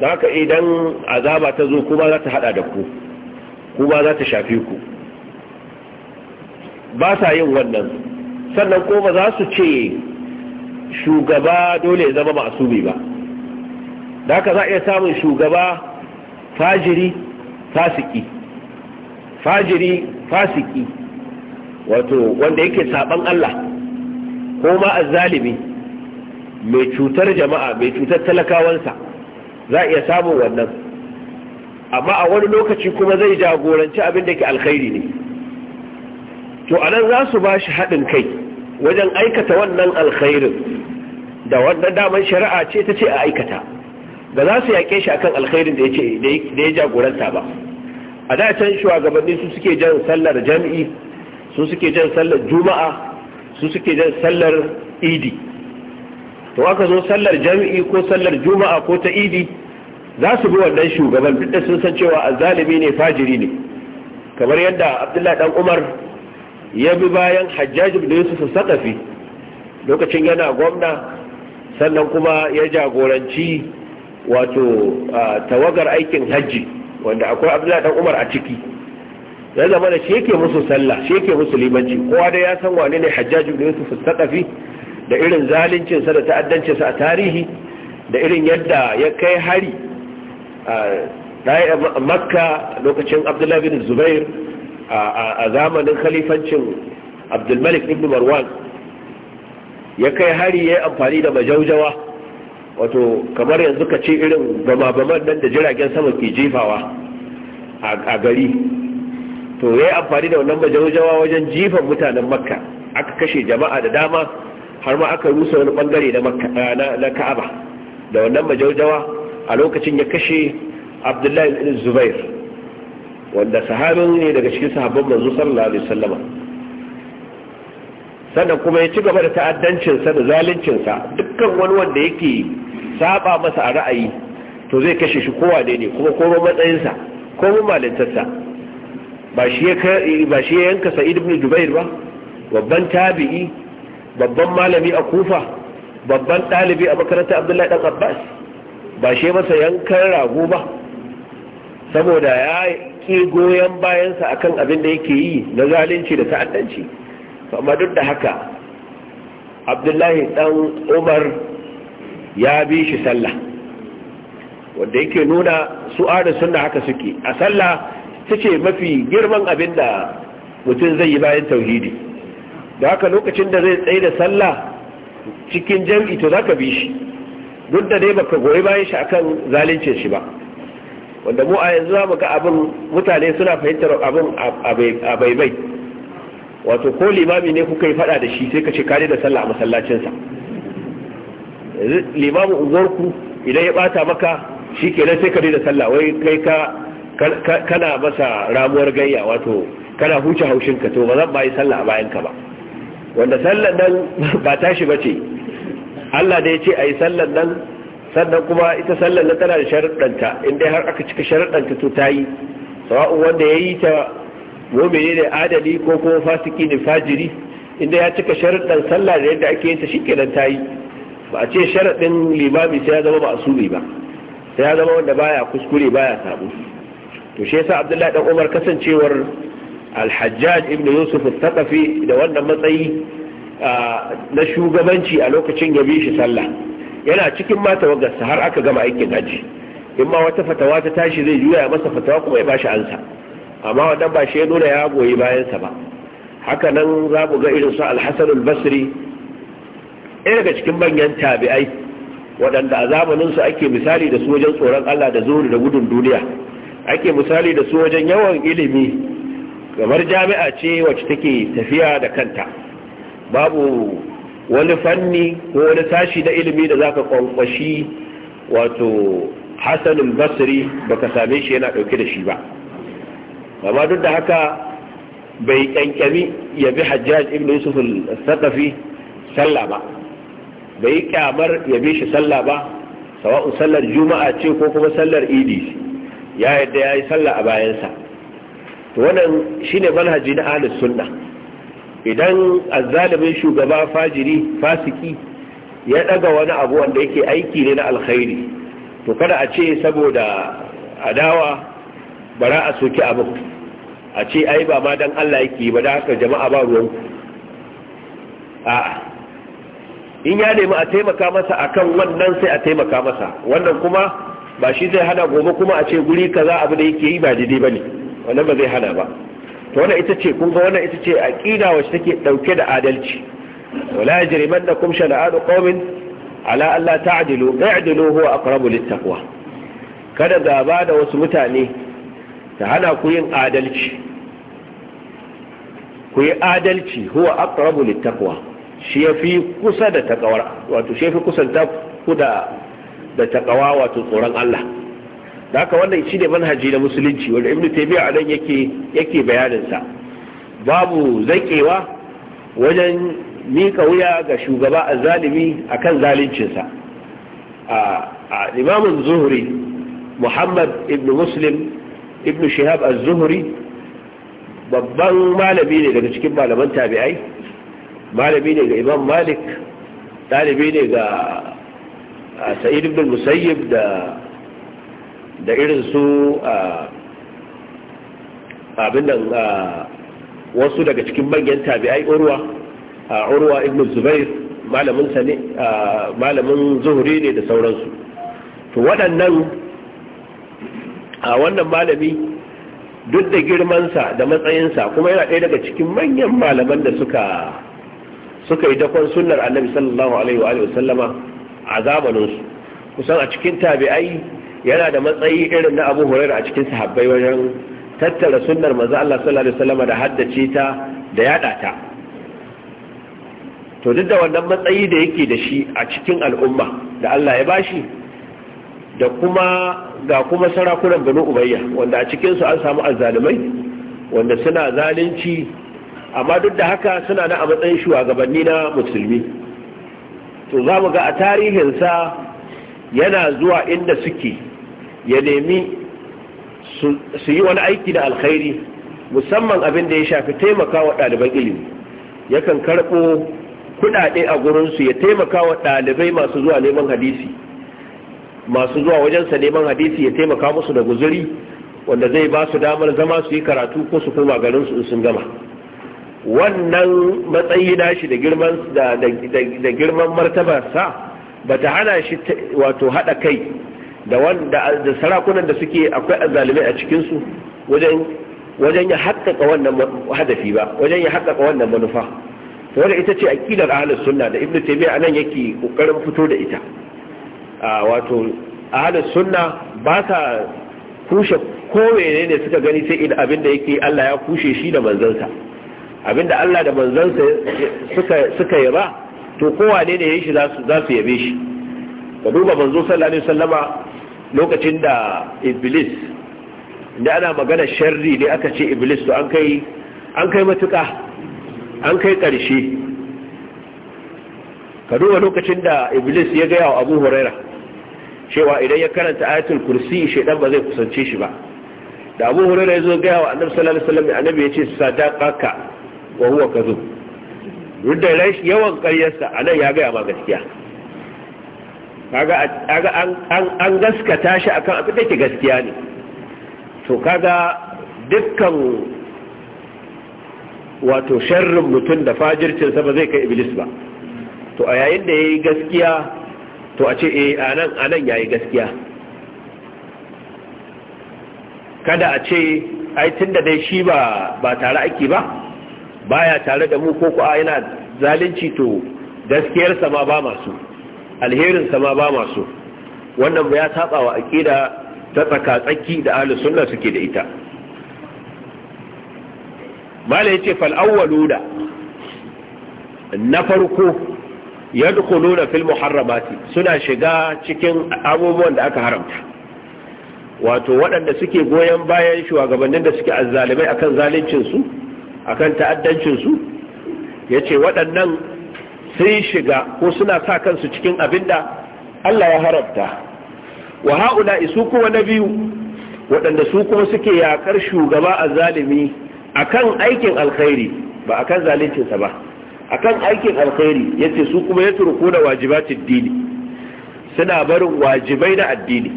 don haka idan azaba ta zo kuma za ta hada da ku kuma za ta shafi ku ba sa yin wannan sannan kuma za su ce shugaba dole ya zama masumi ba da haka za a iya samun shugaba fajiri fasiki fajiri fasiki wato wanda yake saban Allah ko ma azzalimi mai cutar jama'a mai cutar talakawansa za a iya samun wannan amma a wani lokaci kuma zai jagoranci abin da ke alkhairi ne to anan za su ba shi haɗin kai wajen aikata wannan alkhairin da wannan damar shari'a ce ta ce a aikata ba za su yaƙe shi akan alkhairin da ya da ya jagoranta ba a da can shugabanni su suke jan sallar jami'i su suke jan sallar juma'a su suke jan sallar idi to aka zo sallar jami'i ko sallar juma'a ko ta idi za su bi wannan shugaban duk da sun san cewa azalimi ne fajiri ne kamar yadda abdullahi dan umar ya bi bayan hajjaji ibn yusuf sakafi lokacin yana gwamna sannan kuma ya jagoranci wato tawagar aikin hajji wanda akwai abdullahi dan umar a ciki ya zama da shi yake musu sallah shi yake musu limanci kowa da ya san wane ne hajjaji ibn yusuf sakafi da irin zaluncinsa da ta'addancinsa a tarihi da irin yadda ya kai hari a makka lokacin abdullahi bin zubair a zamanin khalifancin abdulmalik ibn marwan ya kai hari ya yi amfani da majaujawa wato kamar yanzu ka ce irin bama nan da jiragen sama ke jefawa a gari to ya yi amfani da wannan majaujawa wajen jifan mutanen makka aka kashe jama'a da dama har ma aka rusa wani bangare eh, na ka'aba da wannan majaujawa a lokacin ya kashe abdullahi ibn zubair wanda sahabin ne daga cikin sahabban manzo sallallahu alaihi wasallam sannan kuma ya ci gaba da ta'addancin sa da zaluncinsa dukkan wani wanda yake saba masa a ra'ayi to zai kashe shi kowa ne ne kuma koma matsayinsa koma malintarsa ba shi ya yanka sa'id ibn jubair ba babban tabi'i babban malami a kufa babban ɗalibi a makaranta abdullahi ɗan abbas ba shi masa yankan rago ba saboda ya ƙi goyon bayansa akan abin da yake yi na zalunci da ta'addanci amma duk da haka abdullahi ɗan umar ya bi shi sallah wanda yake nuna su arin sunna haka suke a sallah ta ce mafi girman abin da mutum zai yi bayan tauhidi da haka lokacin da zai tsaye da sallah cikin jam'i to zaka bi shi duk da dai baka goyi bayan shi akan zalunce shi ba wanda mu a yanzu zamu ga abin mutane suna fahimtar abin a baibai wato ko limami ne kuka yi fada da shi sai ka ce kare da sallah a masallacinsa limamin unguwarku idan ya bata maka shi kenan sai ka da sallah wai kai ka kana masa ramuwar gayya wato kana huce haushinka to ba zan bayi sallah a ka ba wanda sallar nan ba tashi ba ce Allah da ya ce a yi sallar nan sannan kuma ita sallar nan tana da sharaɗanta inda har aka cika sharaɗanta to ta yi sawa'un wanda ya yi ta mumini ne adali ko kuma fasiki ne fajiri inda ya cika sharaɗan sallar da yadda ake yin ta shi nan ta yi ba a ce sharaɗin limami sai ya zama ba asumi ba sai ya zama wanda baya kuskure baya sabu to shi yasa abdullahi dan umar kasancewar alhajjaj ibn yusuf al-thaqafi da wannan matsayi na shugabanci a lokacin ya bi shi sallah yana cikin mata wagarsa har aka gama aikin haji in ma wata fatawa ta tashi zai juya masa fatawa kuma ya bashi ansa amma wannan ba shi ya nuna ya goyi bayansa ba haka nan za mu ga irin su al al-basri ɗaya daga cikin manyan tabi'ai waɗanda a zamaninsu ake misali da su wajen tsoron Allah da zuri da gudun duniya ake misali da su wajen yawan ilimi kamar jami'a ce wacce take tafiya da kanta babu wani fanni ko wani tashi da ilimi da zaka kwankwashi wato hasanin basri baka same shi yana dauke da shi ba amma duk da haka bai kankami ya bi hajjaj ibn yusuf al-saqafi sallah ba bai kyamar ya bi shi sallah ba sawa'un sallar juma'a ce ko kuma sallar idi ya yadda yayi sallah a bayansa wannan shine manhaji na ahlus sunna idan azzalimin shugaba fajiri fasiki ya daga wani abu wanda yake aiki ne na alkhairi to kada a ce saboda adawa bara a soki abin a ce ai ba ma dan Allah yake ba da haka jama'a ba ruwan a in ya nemi a taimaka masa akan wannan sai a taimaka masa wannan kuma ba shi zai hana gobe kuma a ce guri kaza abu da yake yi ba daidai bane wannan ba zai hana ba to wannan ita ce kun ga wannan ita ce aqida wacce take dauke da adalci wala yajrimannakum shana'u qaumin ala alla ta'dilu i'dilu huwa aqrabu littaqwa kada gaba da wasu mutane ta hana ku yin adalci ku yi adalci huwa aqrabu littaqwa shi yafi kusa da taqwa wato shi yafi kusanta ku da da taqwa wato tsoron Allah da haka wannan shi ne manhaji na musulunci wanda ibnu taymiya a nan yake yake bayanin sa babu zakewa wajen mika wuya ga shugaba azzalimi akan zaluncinsa a imamun zuhri muhammad ibnu muslim ibnu shihab az-zuhri babban malami ne daga cikin malaman tabi'ai malami ne ga imam malik ɗalibi ne ga sa'id ibn musayyib da da irin su abin da wasu daga cikin manyan tabi'ai urwa a urwa ibn zubair malamin malamin zuhuri ne da sauransu to waɗannan a wannan malami duk da girmansa da matsayinsa kuma yana ɗaya daga cikin manyan malaman da suka suka yi dakon sunnar annabi sallallahu alaihi wa sallama a zamaninsu kusan a cikin tabi'ai yana da matsayi irin na abu hurairu a cikin sahabbai wajen tattara sunnar manzo Allah sallallahu alaihi wasallam da haddace ta da yada ta to duk da wannan matsayi da yake da shi a cikin al'umma da Allah ya bashi da kuma ga kuma sarakunan Banu ubayya wanda a cikin su an samu azzalumai wanda suna zalunci amma duk da haka suna na a matsayin shugabanni na musulmi to za mu ga a tarihinsa yana zuwa inda suke ya nemi su yi wani aiki da alkhairi musamman abin da ya shafi taimaka wa ɗaliban ilimi yakan karɓo kuɗaɗe a gurinsu ya taimaka wa ɗalibai masu zuwa neman hadisi masu zuwa wajensa neman hadisi ya taimaka musu da guzuri wanda zai ba su damar zama su yi karatu ko su koma garinsu in sun gama wannan matsayi nashi da girman sa? ba ta hana shi wato haɗa kai da wanda sarakunan da suke akwai azalimai a cikinsu wajen wajen ya haƙƙaƙa wannan hadafi ba wajen ya haƙƙaƙa wannan manufa to wanda ita ce aqidar ahlus sunna da ibnu taymiya anan yake kokarin fito da ita a wato ahlus sunna ba sa kushe ko ne suka gani sai idan abinda yake Allah ya kushe shi da manzansa abinda Allah da manzansa suka suka yaba to kowa ne ne ya shi za su yabe shi ka duba manzo sallallahu alaihi wasallama lokacin da iblis da ana magana sharri ne aka ce iblis to an kai an kai matuka an kai karshe ka duba lokacin da iblis ya gaya wa abu huraira cewa idan ya karanta ayatul kursi shaidan ba zai kusance shi ba da abu huraira ya zo gaya wa annabi sallallahu alaihi wasallam annabi ya ce sadaqaka wa huwa kadhub duk da yawan karyarsa a nan ya gaya ba gaskiya kaga an gaskata shi akan abin da ke gaskiya ne to kaga dukkan wato sharrin mutum da fajircinsa ba zai kai iblis ba to a yayin da ya yi gaskiya to a ce eh, a nan ya yi gaskiya kada a ce aitin da dai shi ba tare ake ba baya tare da mu ko ko yana zalunci to gaskiyar sa ma ba masu alherin ma ba masu wannan ya saba wa aqida ta tsaka tsaki da ahlus sunna suke da ita mala yace fal da na farko na fil muharramati suna shiga cikin abubuwan da aka haramta wato waɗanda suke goyon bayan shugabannin da suke azzalimai akan zaluncin su akan ta'addancinsu ya ce waɗannan sun shiga ko suna sa kansu cikin abinda. Allah ya harabta. wa ha'ula isu kuma na biyu waɗanda su kuma suke yaƙar shugaba a zalimi akan aikin alkhairi ba akan zalincinsa ba akan aikin alkhairi yace su kuma ya turku da dini suna barin wajibai na addini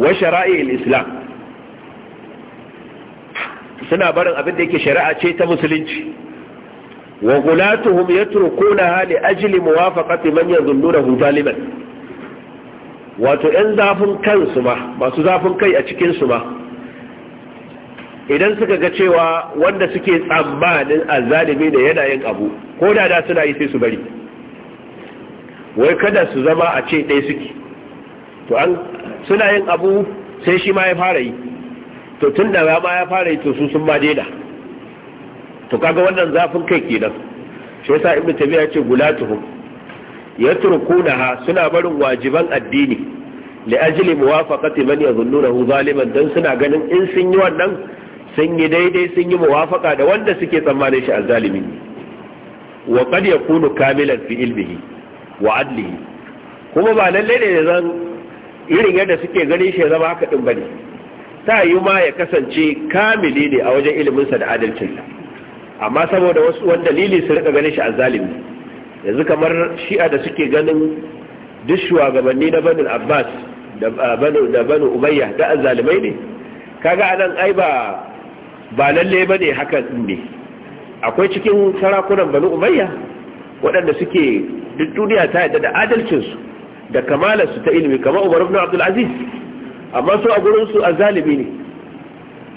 wa shara'i islam suna barin abin da yake shari'a ce ta musulunci wa gulatuhum yatrukuna hali ajli muwafaqati man yadhunnuhu zaliman wato ɗan zafin kansu ma masu zafin kai a cikinsu ma idan suka ga cewa wanda suke tsammanin azalimi da yin abu ko da da suna yi sai su bari wai kada su zama a ce ɗaya suke to an suna yin abu sai shi ma ya fara yi to tun da ya fara yi to su sun ma daina to kaga wannan zafin kai kenan shi yasa ibnu tabiya ya ce gulatuhum yatrukunaha suna barin wajiban addini li ajli muwafaqati man yadhunnuhu zaliman dan suna ganin in sun yi wannan sun yi daidai sun yi muwafaqa da wanda suke tsammanin shi azzalimi wa qad yakunu kamilan fi ilmihi wa adlihi kuma ba lalle ne zan irin yadda suke gani shi zama haka din bane ta yi ma ya kasance kamili ne a wajen iliminsa da adalcinsa amma saboda wasu wanda dalili su rika ganin shi a zalimi yanzu kamar shi'a da suke ganin duk shugabanni na banin abbas da banu umayya da azalimai ne kaga anan ai ba ba lalle ba ne hakan ne akwai cikin sarakunan banu umayya waɗanda suke duk duniya ta yadda da adalcinsu da kamalarsu ta ilimi kamar umar abdul aziz amma su a gurin su azalimi ne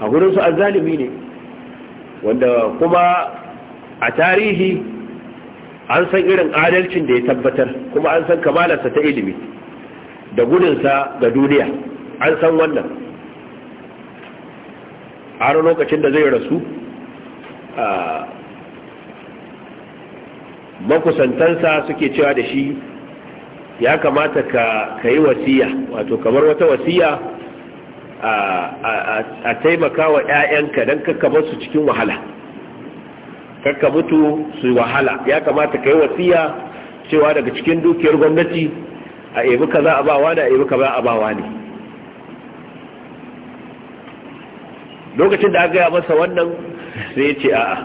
a gurin su azalimi ne wanda kuma a tarihi an san irin adalcin da ya tabbatar kuma an san kamalarsa ta ilimi da gudunsa ga duniya an san wannan har lokacin da zai rasu makusantansa suke cewa da shi ya kamata ka yi wasiya wato kamar wata wasiya a taimaka wa 'ya'yanka don kakkaba su cikin wahala kakka mutu su wahala ya kamata ka yi wasiya cewa daga cikin dukiyar gwamnati a ebi kaza za a bawa da a ebi kaza za a bawa ne lokacin da aka yi masa wannan sai ce a'a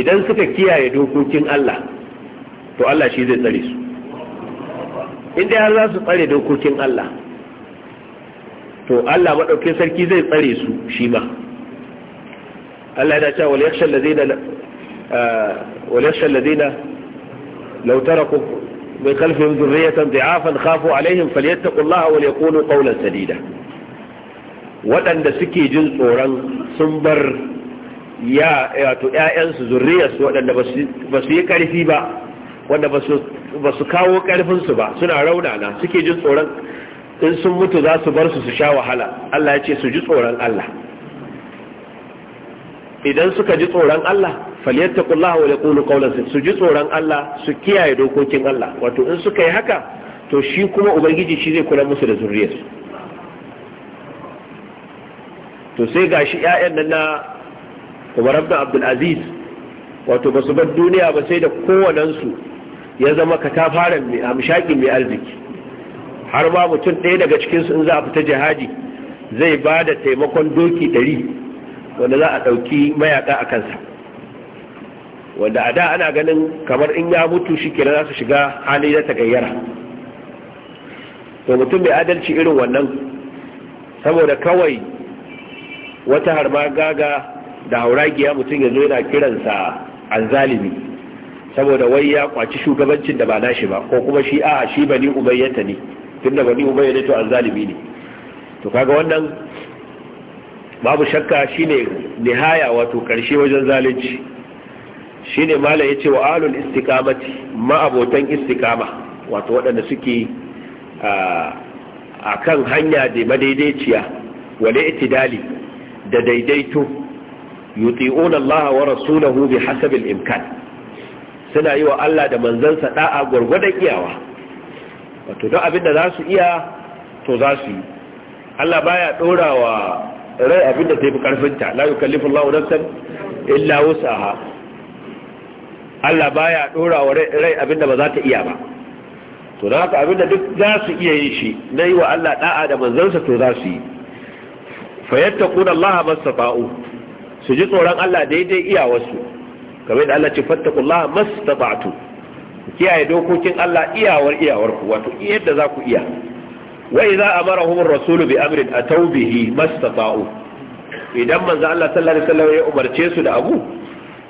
idan suka kiyaye dokokin Allah to Allah shi zai tsare su in dai har za su tsare dokokin Allah to Allah madaukin sarki zai tsare su shi ma Allah yana cewa yakhsha alladhina wal yakhsha alladhina ah, law taraku min khalfihim dhurriyatan dha'afan khafu alaihim falyattaqullaha wal yaqulu qawlan sadida waɗanda suke jin tsoron sun bar ya wato ƴaƴansu zurriyarsu waɗanda ba su yi ƙarfi ba wanda ba su kawo ƙarfinsu ba suna raunana suke ji tsoron in sun mutu za su bar su su sha wahala Allah ya ce su ji tsoron Allah idan suka ji tsoron Allah falyattaqullaha wa yaqulu qawlan su ji tsoron Allah su kiyaye dokokin Allah wato in suka yi haka to shi kuma ubangiji shi zai kula musu da zuriyarsu to sai gashi ƴaƴan nan na Umar ibn Abdul Aziz wato basu bar duniya ba sai da su. ya zama katafaren mai amshakin mai arziki har ma mutum ɗaya daga cikinsu in za a fita jihadi zai ba da taimakon doki ɗari wanda za a ɗauki mayaƙa a kansa wanda a da ana ganin kamar in ya mutu shi kira za su shiga hali na tagayyara to mutum mai adalci irin wannan saboda kawai wata harma gaga da hauragiya mutum ya zo yana kiransa an zalimi saboda wai ya kwaci shugabancin da ba nashi ba ko kuma shi a shi bani ubayyata ne tunda bani ubayyata to an zalimi ne to kaga wannan babu shakka shine nihaya wato karshe wajen zalunci shine mala yace wa alul istiqamati ma abotan istiqama wato waɗanda suke a kan hanya da madaidaiciya wala itidali da daidaito yuti'una Allah wa rasulahu bi hasabil imkan suna yi wa Allah da manzansa da'a gwargwadon iyawa wato don abin da za su iya to za su yi Allah baya dora wa rai abin da ta fi karfinta la yukallifu Allahu nafsan illa aha. Allah baya dora wa rai abin da ba za ta iya ba to don haka abin da duk za su iya yin shi na yi wa Allah da'a da manzansa to za su yi ta kuna Allah mastata'u su ji tsoron Allah daidai iyawarsu kamar da Allah ce fattaqullaha mastata'tu kiyaye dokokin Allah iyawar iyawar ku wato yadda za ku iya wa idza amarahum ar-rasul bi amrin ataw bihi mastata'u idan manzo Allah sallallahu alaihi wasallam ya umarce su da abu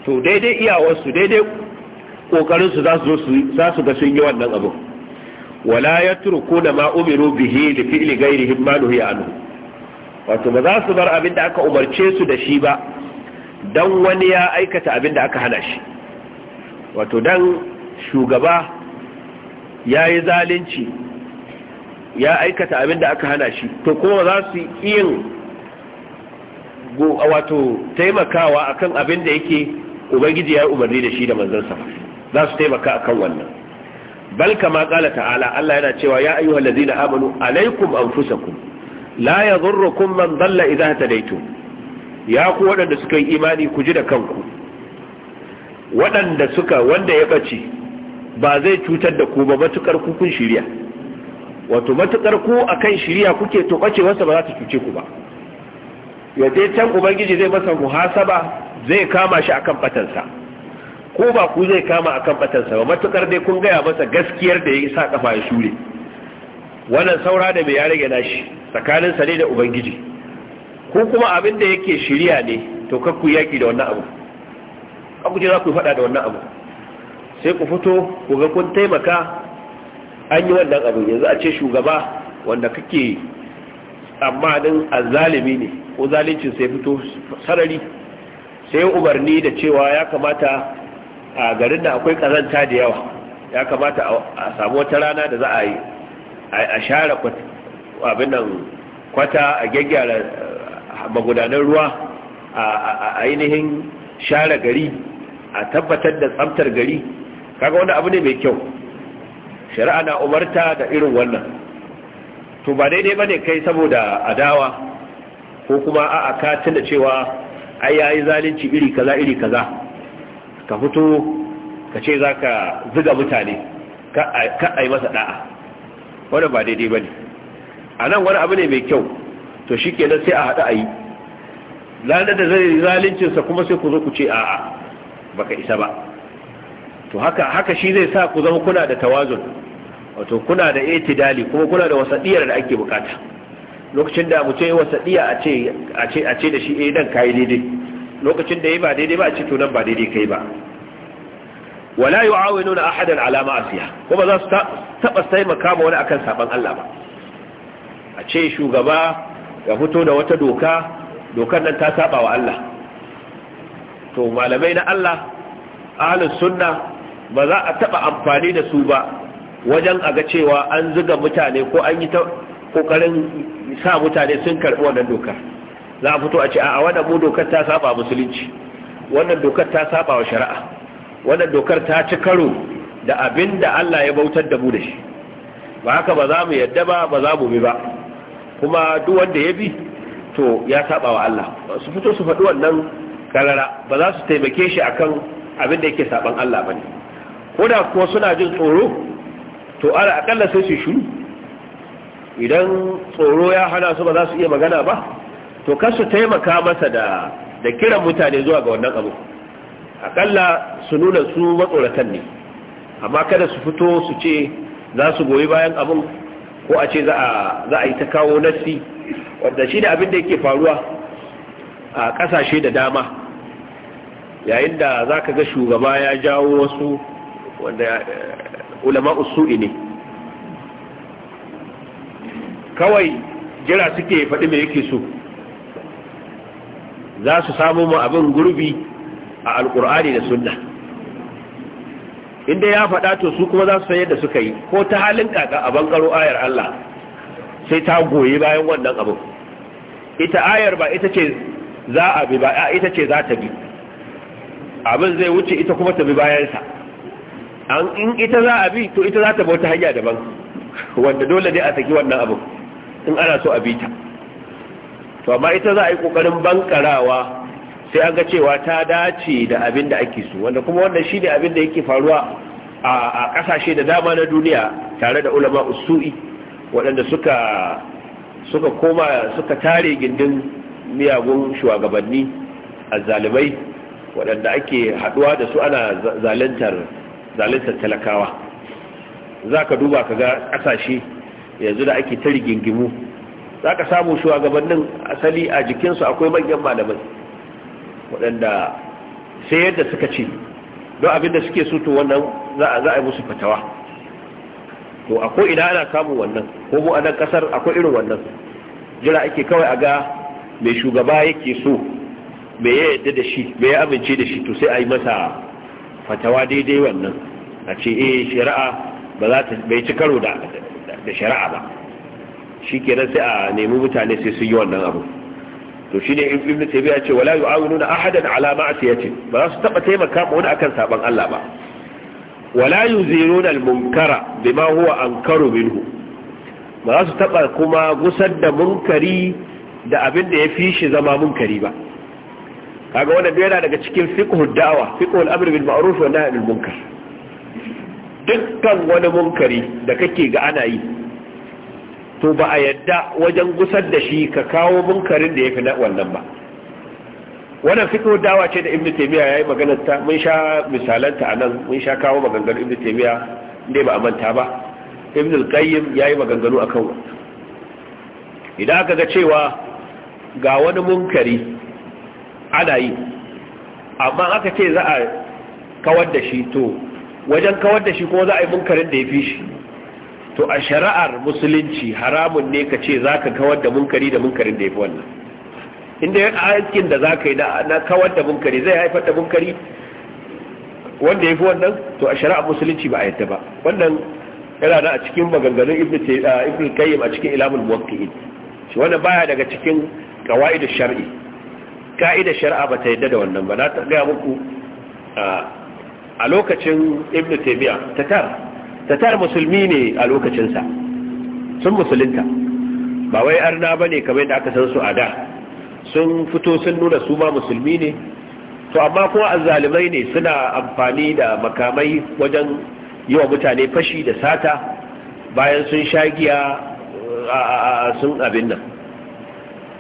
to daidai iyawar su daidai kokarin su za su za su ga sun yi wannan abu wala yatrukuna ma umiru bihi li fi'li ghayrihim ma nuhiya anhu wato ba za su bar abin da aka umarce su da shi ba don wani ya aikata abin da aka hana shi wato don shugaba ya yi zalunci ya aikata abin da aka hana shi to kuma za su yin wato taimakawa akan abin da yake ubangiji ya yi umarni da shi da manzansa za su taimaka akan wannan bal kama kala ta'ala Allah yana cewa ya ayyuhal ladina amanu alaikum anfusakum la yadhurrukum man dhalla idha tadaytum ya ku waɗanda suka yi imani ku ji da kanku waɗanda suka wanda ya ɓace ba zai cutar da ku ba matuƙar ku kun shirya wato matuƙar ku akan shirya kuke to wasa ba za ta cuce ku ba yadda can ubangiji zai masa muhasaba zai kama shi akan batansa ko ba ku zai kama akan batansa ba matukar dai kun gaya masa gaskiyar da ya yi sa kafa ya shure wannan saura da mai ya rage nashi tsakanin sa ne da ubangiji ko kuma abin da yake shirya ne to ku yaki da wannan abu ku kuje za ku faɗa da wannan abu sai ku fito ku ga kun taimaka an yi wannan abu yanzu a ce shugaba wanda kake Amma tsammanin azzalimi ne ko zalincin sai fito sarari sai umarni da cewa ya kamata a garin da akwai kazanta da yawa ya kamata a samu wata rana da za a yi a share abin nan kwata a gyaggyara magudanan ruwa a ainihin share gari a tabbatar da tsamtar gari kaga wani abu ne mai kyau shari'a na umarta da irin wannan to ba daidai ba ne kai saboda adawa ko kuma a'a ka tunda cewa ai yayi zalunci iri kaza iri kaza ka fito ka ce za ka ziga mutane ka ai masa da'a wannan ba daidai ba ne a nan wani abu ne mai kyau to shi kenan sai a haɗu a yi ranar da zai yi zalincinsa kuma sai ku zo ku ce a'a baka isa ba to haka haka shi zai sa ku zama kuna da tawazun wato kuna da itidali kuma kuna da wasaɗiyar da ake bukata lokacin da mutum ya wasadiya a ce a ce da shi eh dan kai daidai lokacin da yayi ba daidai ba a ce to nan ba daidai kai ba wala yu'awinuna ahadan ala ma'asiya kuma za su taba sai makama wani akan saban Allah ba a ce shugaba ya fito da wata doka dokar nan ta saba wa Allah to malamai na Allah ahlus sunna ba za a taba amfani da su ba wajen a ga cewa an zuga mutane ko an yi kokarin sa mutane sun karbi wannan doka za a fito a ce a wannan mu dokar ta saba musulunci wannan dokar ta saba wa shari'a wannan dokar ta ci karo da abin da Allah ya bautar da mu da shi ba haka ba za mu yadda ba ba za mu bi ba kuma duk wanda ya bi to ya saba wa Allah su fito su faɗi wannan karara ba za su taimake shi akan abin da yake saban Allah bane ko da kuwa suna jin tsoro to ala akalla sai su shiru idan tsoro ya hana su ba za su iya magana ba to kar su taimaka masa da da kiran mutane zuwa ga wannan abu akalla su nuna su matsoratan ne amma kada su fito su ce za su goyi bayan abin ko a ce za a yi ta kawo nassi wadda shi da abin da yake faruwa a kasashe da dama yayin da za ka ga shugaba ya jawo wasu wadda eh, ulama usu'i ne kawai jira suke faɗi mai yake so za su samu mu abin gurbi a alkur'ani da sunna inda ya faɗa to su kuma za su san yadda suka yi ko ta halin kaka a bangaro ayar Allah sai ta goyi bayan wannan abu ita ayar ba ita ce za a bi ba ita ce za ta bi abin zai wuce ita kuma ta bi bayansa an in ita za a bi to ita za ta bi hanya daban wanda dole ne a saki wannan abu in ana so a bi ta to amma ita za a yi kokarin bankarawa sai an ga cewa ta dace da abin da ake su wanda kuma wannan shi ne abin da yake faruwa a kasashe da dama na duniya tare da ulama usu'i waɗanda suka suka koma suka tare gindin miyagun shugabanni a zalimai waɗanda ake haɗuwa da su ana zalintar talakawa za ka duba ka ga ƙasashe yanzu da ake ta rigingimu za ka samu shugabannin asali a jikinsu akwai manyan malamai waɗanda sai yadda suka ce don abinda suke so wannan za a yi musu fatawa to a ko ana samun wannan ko mu a kasar akwai irin wannan jira ake kawai a ga mai shugaba yake so mai ya yadda da shi me ya amince da shi to sai a yi masa fatawa daidai wannan a ce eh shari'a ba za ta bai ci karo da shari'a ba shi kenan sai a nemi mutane sai sun yi wannan abu to shine ibn tabi'a ce wala yu'awinuna ahadan ala ma'siyatin ba za su taba taimaka ma wani akan saban Allah ba wala yuziruna al-munkara bima huwa ankaru minhu ba za su taba kuma gusar da munkari da abin da ya fi shi zama munkari ba kaga wannan da yana daga cikin fiqh da'wa fiqh al-amr bil ma'ruf wa nahy munkar dukkan wani munkari da kake ga ana yi to ba a yadda wajen gusar da shi ka kawo munkarin da ya fi wannan ba wannan fito dawa ce da ibn taymiya yayi maganar ta mun sha misalanta anan mun sha kawo maganganu ibn taymiya inda ba a manta ba ibn al-qayyim yayi maganganu akan kawo. idan aka ga cewa ga wani munkari ana yi amma aka ce za a kawar da shi to wajen kawar da shi ko za a yi munkarin da ya fi shi to a shari'ar musulunci haramun ne ka ce za ka kawar da munkari da munkarin da ya fi wannan inda ya aikin da za ka yi na kawar da munkari zai haifar da munkari wanda ya fi wannan to a shari'ar musulunci ba a yadda ba wannan yana da a cikin maganganun ibn kayyim ah, a cikin ilamul muwakkiin shi wannan baya daga cikin qawaidus shar'i ka'idar shari'a ba ta yadda da wannan ba na ta gaya muku ah, a lokacin ibn taymiya tara. tatar musulmi ne a lokacinsa sun musulunta ba wai arna ba ne kamar yadda aka san su a da sun fito sun nuna su ma musulmi ne to amma kuma zalimai ne suna amfani da makamai wajen yi wa mutane fashi da sata bayan sun shagiya a sun abin nan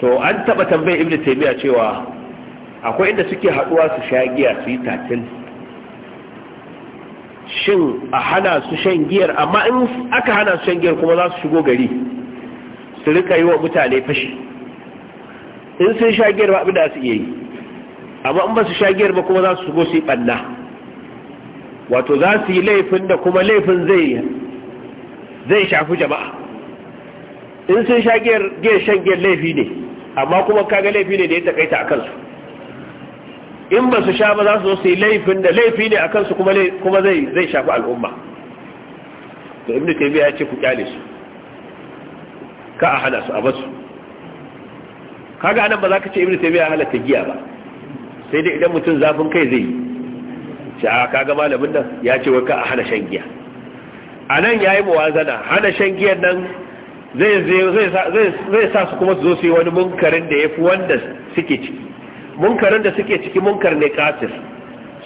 to an taba tambayin Ibn taymiya cewa akwai inda suke haduwa su giya su yi tatil shin a hana su shan giyar amma in aka hana su shan giyar kuma za su shigo gari su rika yi wa mutane fashi in sun sha giyar ba abinda su iya yi amma in ba su sha giyar ba kuma za su shigo su yi ɓanna wato za su yi laifin da kuma laifin zai shafi jama'a in sun sha giyar shan giyar laifi ne amma kuma kaga laifi ne da ya takaita a kansu in ba su sha ba za su zo su yi laifin da laifi ne a kansu kuma zai shafi al'umma to ibn taymiya ya ce ku kyale su ka a hana su a basu kaga anan ba za ka ce ibn taymiya ya halatta giya ba sai dai idan mutum zafin kai zai yi shi a ah, kaga malamin nan ya ce wai ka a hana shan giya a nan ya yi muwazana hana shan giyan nan zai sa su kuma su zo su yi wani munkarin da ya fi wanda suke ciki munkarin da suke ciki munkar ne kasir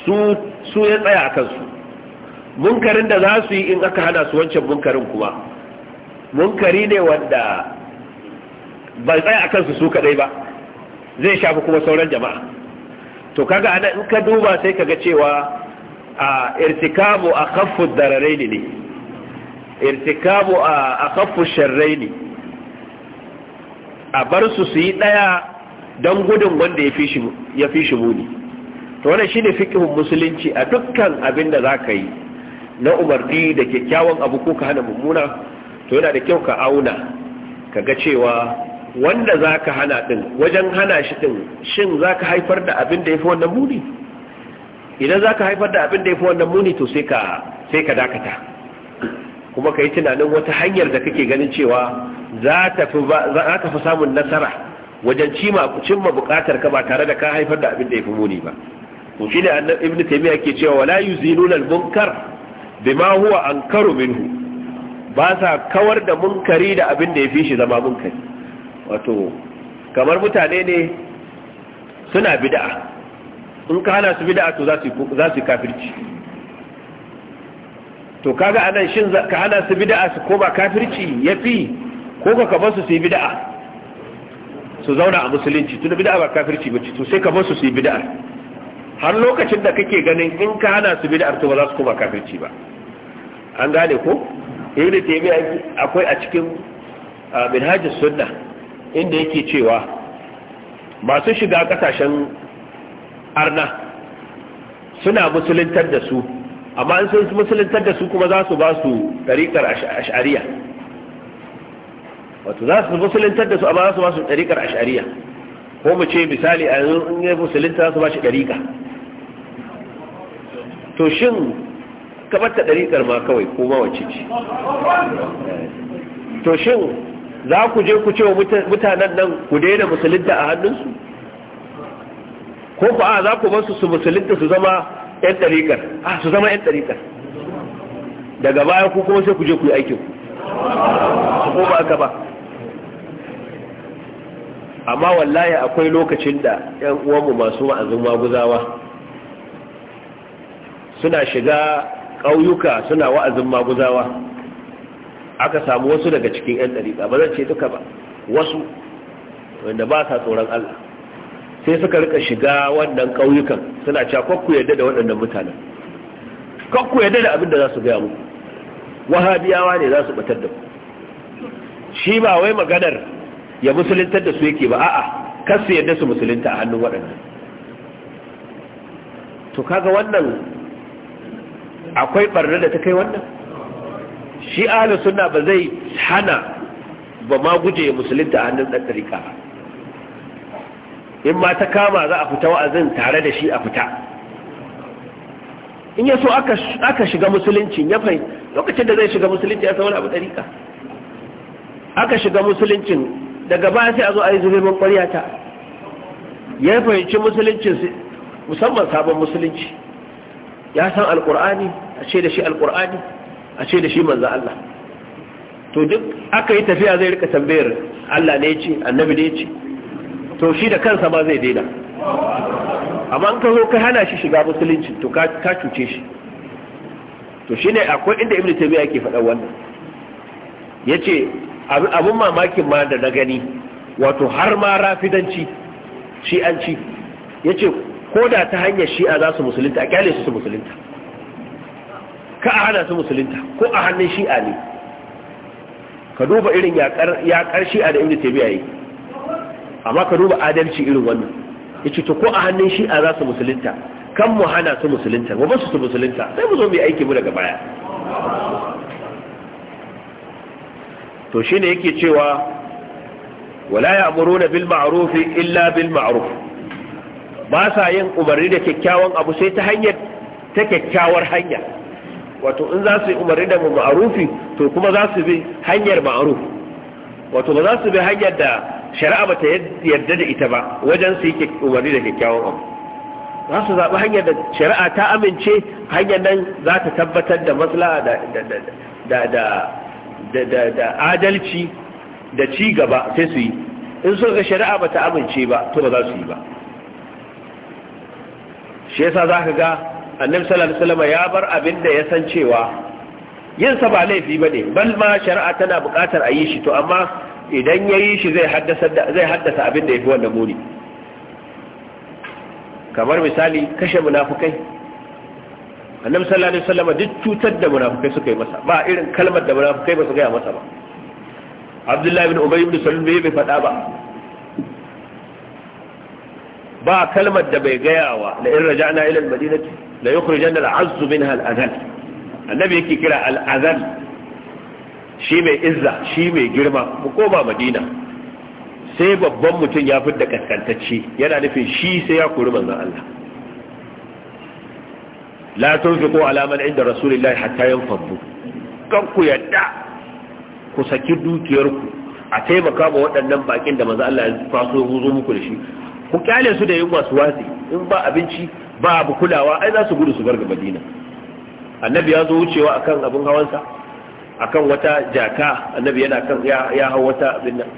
su su ya tsaya a kansu munkarin da za su yi in aka hana su wancan munkarin kuma munkari ne wanda ba tsaya a kansu su kadai ba zai shafi kuma sauran jama'a to kaga ana in ka duba sai kaga cewa a irtikabu a dararaini ne irtikabu a khaffu sharraini a bar su su yi daya don gudun wanda ya fi shi muni to shi shine fikin musulunci a dukkan abin da za ka yi na umarni da kyakkyawan abu ko ka hana mummuna to yana da kyau ka auna ka ga cewa wanda za ka hana din wajen hana shi din shin za ka haifar da abin da ya fi wannan muni idan za ka haifar da abin da ya fi wannan muni to sai ka dakata kuma ka yi tunanin wata hanyar da kake ganin cewa za ka fi samun nasara wajen cima cimma buƙatar ka ba tare da ka haifar da abin da ya fi muni ba to shine annabi ibnu taymiya ke cewa wala yuzinuna al-munkar bima huwa ankaru minhu ba sa kawar da munkari da abin da ya fi shi zama munkari wato kamar mutane ne suna bid'a in ka hana su bid'a to za su za su kafirci to kaga anan shin ka hana su bid'a su koma kafirci yafi ko ka ka su su yi bid'a su zauna a musulunci tunda bid'a ba kafirci ba to sai kamar su su yi bid'a har lokacin da kake ganin in ka hana su bid'ar to ba za su koma kafirci ba an gane ko yi taymiya akwai a cikin minhajus sunna inda yake cewa masu shiga kasashen arna suna musuluntar da su amma in sun musuluntar da su kuma za su ba su ɗariƙar ash'ariya wato za su musulintar da su amma za su ba su ɗariƙar ashariya ko mu ce misali a yanzu in yi musulunta za su ba shi ɗariƙa to shin ka bata ɗariƙar ma kawai ko ma wacce ce to shin za ku je ku ce wa mutanen nan ku daina musulunta a hannunsu ko ku a za ku basu su musulinta su zama 'yan ɗariƙar a su zama ƴan ɗariƙar daga baya ku kuma sai ku je ku yi aikinku ko ba ka ba amma wallahi akwai lokacin da yan uwanmu masu ma'azin maguzawa suna shiga ƙauyuka suna wa'azin maguzawa aka samu wasu daga cikin 'yan ɗariƙa ba zan ce duka ba wasu wanda ba sa tsoron Allah sai suka rika shiga wannan ƙauyukan suna cakwakku yadda da waɗannan mutanen kakku yadda da abin da za su gaya muku wahabiyawa ne za su batar da ku shi ba wai maganar ya musuluntar da su yake ba a'a kar su yadda su musulunta a hannun waɗannan to kaga wannan akwai barna da ta kai wannan shi ahlus suna ba zai hana ba ma guje ya musulunta a hannun ɗan ɗarika in ma ta kama za a fita wa'azin tare da shi a fita in yaso aka shiga musuluncin ya fahimci lokacin da zai shiga musulunci ya san wani abu ɗarika aka shiga musuluncin daga baya sai a zo a yi zubin ƙwarya ta ya fahimci musulunci musamman sabon musulunci ya san alƙur'ani a ce da shi alƙur'ani a ce da shi manza Allah to duk aka yi tafiya zai rika tambayar Allah ne ya ce annabi ne ya ce to shi da kansa ma zai daina amma in ka zo ka hana shi shiga musulunci to ka cuce shi to shine akwai inda ibn taymiya yake faɗa wannan ce abin mamakin ma da na gani wato har ma rafidanci shi'anci Ya ce ko da ta hanyar shi'a za su musulunta a kyale su su musulunta ka a hana su musulunta ko a hannun shi'a ne ka duba irin ya shi'a da ibn taymiya yi amma ka duba adalci irin wannan yace to ko a hannun shi a za su musulunta kan mu hana su musulunta mu basu su musulunta sai mu zo mu aiki mu daga baya to shine yake cewa wala ya'muruna bil ma'ruf illa bil ma'ruf ba sa yin umarni da kyakkyawan abu sai ta hanyar ta kyakkyawar hanya wato in za su yi umarni da ma'rufi to kuma za su bi hanyar ma'ruf wato ba za su bi hanyar da shari'a ba ta yarda da ita ba wajen su yi umarni da kyakkyawan abu za su zaɓi hanyar da shari'a ta amince hanyar nan za ta tabbatar da matsala da adalci da ci gaba sai su yi in so ga shari'a ba ta amince ba to ba za su yi ba shi yasa za ka ga annabi sallallahu alaihi wasallam ya bar abin da ya san cewa yin sa ba laifi bane bal ma shari'a tana buƙatar a yi shi to amma idan ya yi shi zai haddasa abin da ya fi wannan muni kamar misali kashe munafukai annabi sallallahu alaihi wasallam duk cutar da munafukai suka yi masa ba irin kalmar da munafukai ba su gaya masa ba abdullahi Ibn ubay ibn salul bai bai faɗa ba ba kalmar da bai gaya wa la in raja'na ila al-madinati la yukhrijanna al-'azzu minha al-adhal annabi yake kira al-adhal shi mai izza shi mai girma mu koma madina sai babban mutum ya fi da kaskantacce yana nufin shi sai ya kori manzan Allah la tunfiqu ko man inda rasulillahi hatta fabbu kan ku yadda ku saki dukiyarku a taimaka ma waɗannan bakin da manzan Allah ya faso zo muku da shi ku kyale su da yin masu wasi in ba abinci ba abu kulawa ai za su gudu su bar ga Madina annabi ya zo wucewa akan abin hawansa akan wata jaka annabi yana kan ya hau wata abin nan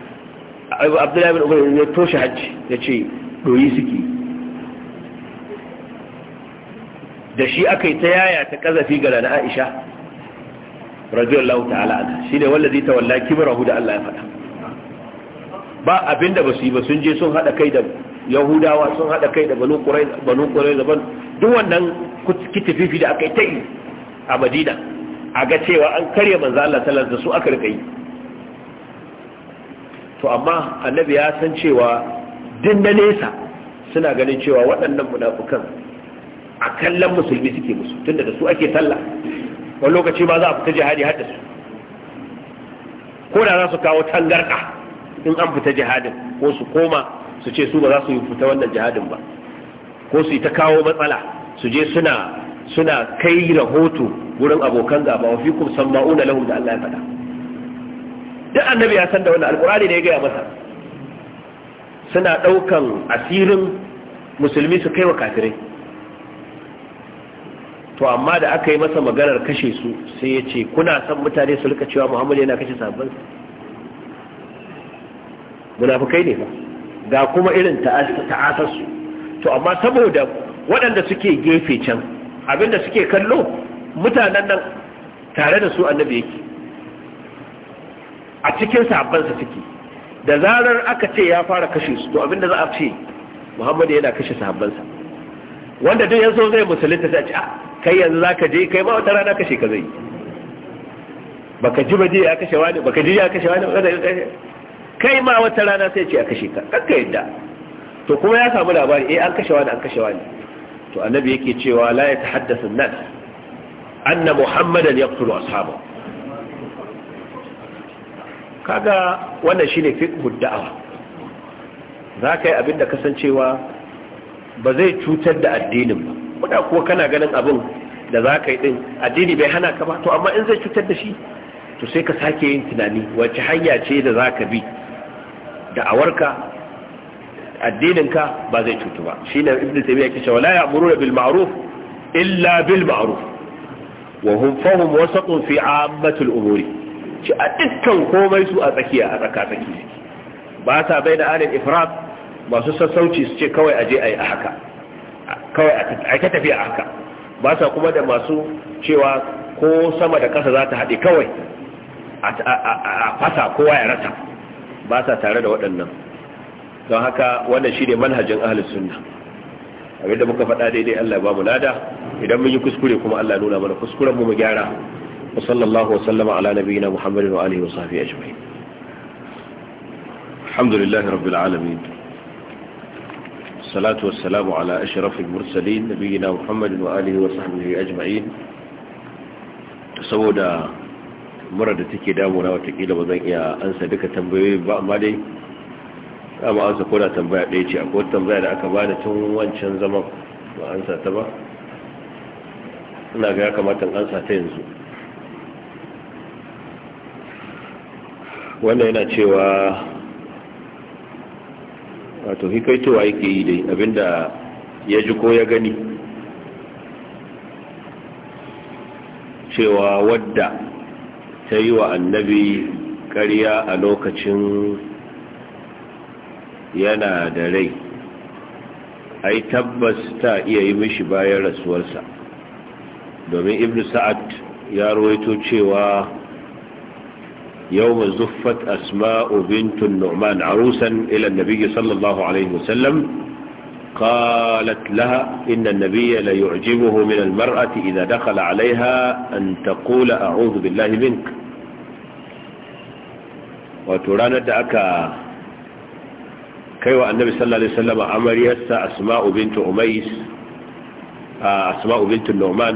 abdullahi bin umar ya toshe hajji ya ce doyi suke da shi aka yi ta yaya ta kazafi ga na aisha radiyallahu ta'ala anha shine wallazi tawalla kibrahu da Allah ya faɗa ba abinda su yi ba sun je sun hada kai da yahudawa sun hada kai da banu qurayza banu ban duk wannan kitififi da aka yi ta yi a madina a ga cewa an karya manzo Allah sallallahu alaihi wasallam su aka rikai? to amma annabi ya san cewa din da nesa suna ganin cewa waɗannan munafukan a kallon musulmi suke musu tun da su ake sallah wani lokaci ma za a fita jihadi har da su ko da za su kawo tangarɗa in an fita jihadin ko su koma su ce su ba za su yi fita wannan jihadin ba ko su yi ta kawo matsala su je suna suna kai rahoto Wurin abokan gaba wa fikum sama'una lahum da Allah ya faɗa duk annabi ya san da wannan alqur'ani ne ya gaya masa suna ɗaukan asirin musulmi su kai wa kafirai to amma da aka yi masa maganar kashe su sai ya ce kuna son mutane su rika cewa muhammad yana kashe sabbin munafukai ne ba ga kuma irin ta'asarsu to amma saboda waɗanda suke gefe can abinda suke kallo mutanen nan tare da su annabi yake a cikin sahabbansa suke da zarar aka ce ya fara kashe su to abinda za a ce Muhammadu yana kashe sahabbansa wanda duk yanzu zai musulunta sai a ce ah, kai yanzu za ka je kai ma wata rana kashe ka zai baka ji baje ya kashe wani baka ji ya kashe wani kai ma wata rana sai ce a kashe ka kakka yadda to kuma ya samu labari eh an kashe wani an kashe wani to annabi yake cewa la ya tahaddathu nas anna muhammadan yaqtulu ashabahu kaga wannan shine fiqhud da'awa ka yi abinda kasancewa ba zai cutar da addinin ba kuda ko kana ganin abin da ka yi din addini bai hana ka ba to amma in zai cutar da shi to sai ka sake yin tunani wacce hanya ce da zaka bi da'awarka addininka ba zai cutu ba shine ibnu taymiya yake cewa la ya'muruna bil ma'ruf illa bil ma'ruf wa hum fahum wasaqun fi ammatul umuri ci a dukkan komai su a tsakiya a tsaka tsaki ba sa bai da alil ifrat masu sassauci su ce kawai aje ayi a haka kawai a ta tafiya a haka ba sa kuma da masu cewa ko sama da ƙasa za ta haɗe kawai a fasa kowa ya rasa ba sa tare da waɗannan don haka wannan shi ne manhajin ahalus sunna abinda muka faɗa daidai Allah ba mu lada idan mun yi kuskure kuma Allah nuna mana kuskuren mu mu gyara wa sallallahu wa sallama ala nabiyyina muhammadin wa alihi wa sahbihi ajma'in alhamdulillahi rabbil alamin salatu wassalamu ala ashrafil mursalin nabiyyina muhammadin wa alihi wa sahbihi ajma'in saboda mura da take damuna watakila ba zan iya ansa duka tambayoyi ba amma dai dama an sa koda tambaya ɗaya ce akwai tambaya da aka bada tun wancan zama ba an sa ta ba ina ga ya kamata an sa ta yanzu wannan yana cewa wato hikaitowa yake yi dai abinda ya ji ko ya gani cewa wadda ta yi wa annabi karya a lokacin yana da rai ai tabbas ta iya yi mishi bayan rasuwarsa domin ibn sa'ad ya rawaito cewa yawma zuffat asma'u bintu nu'man arusan ila an-nabi sallallahu alaihi wasallam قالت لها إن النبي لا يعجبه من المرأة إذا دخل عليها أن تقول أعوذ بالله منك وترانا دعك kai wa annabi sallallahu alaihi wasallam amariyarsa asma'u bint umays asma'u bint nu'man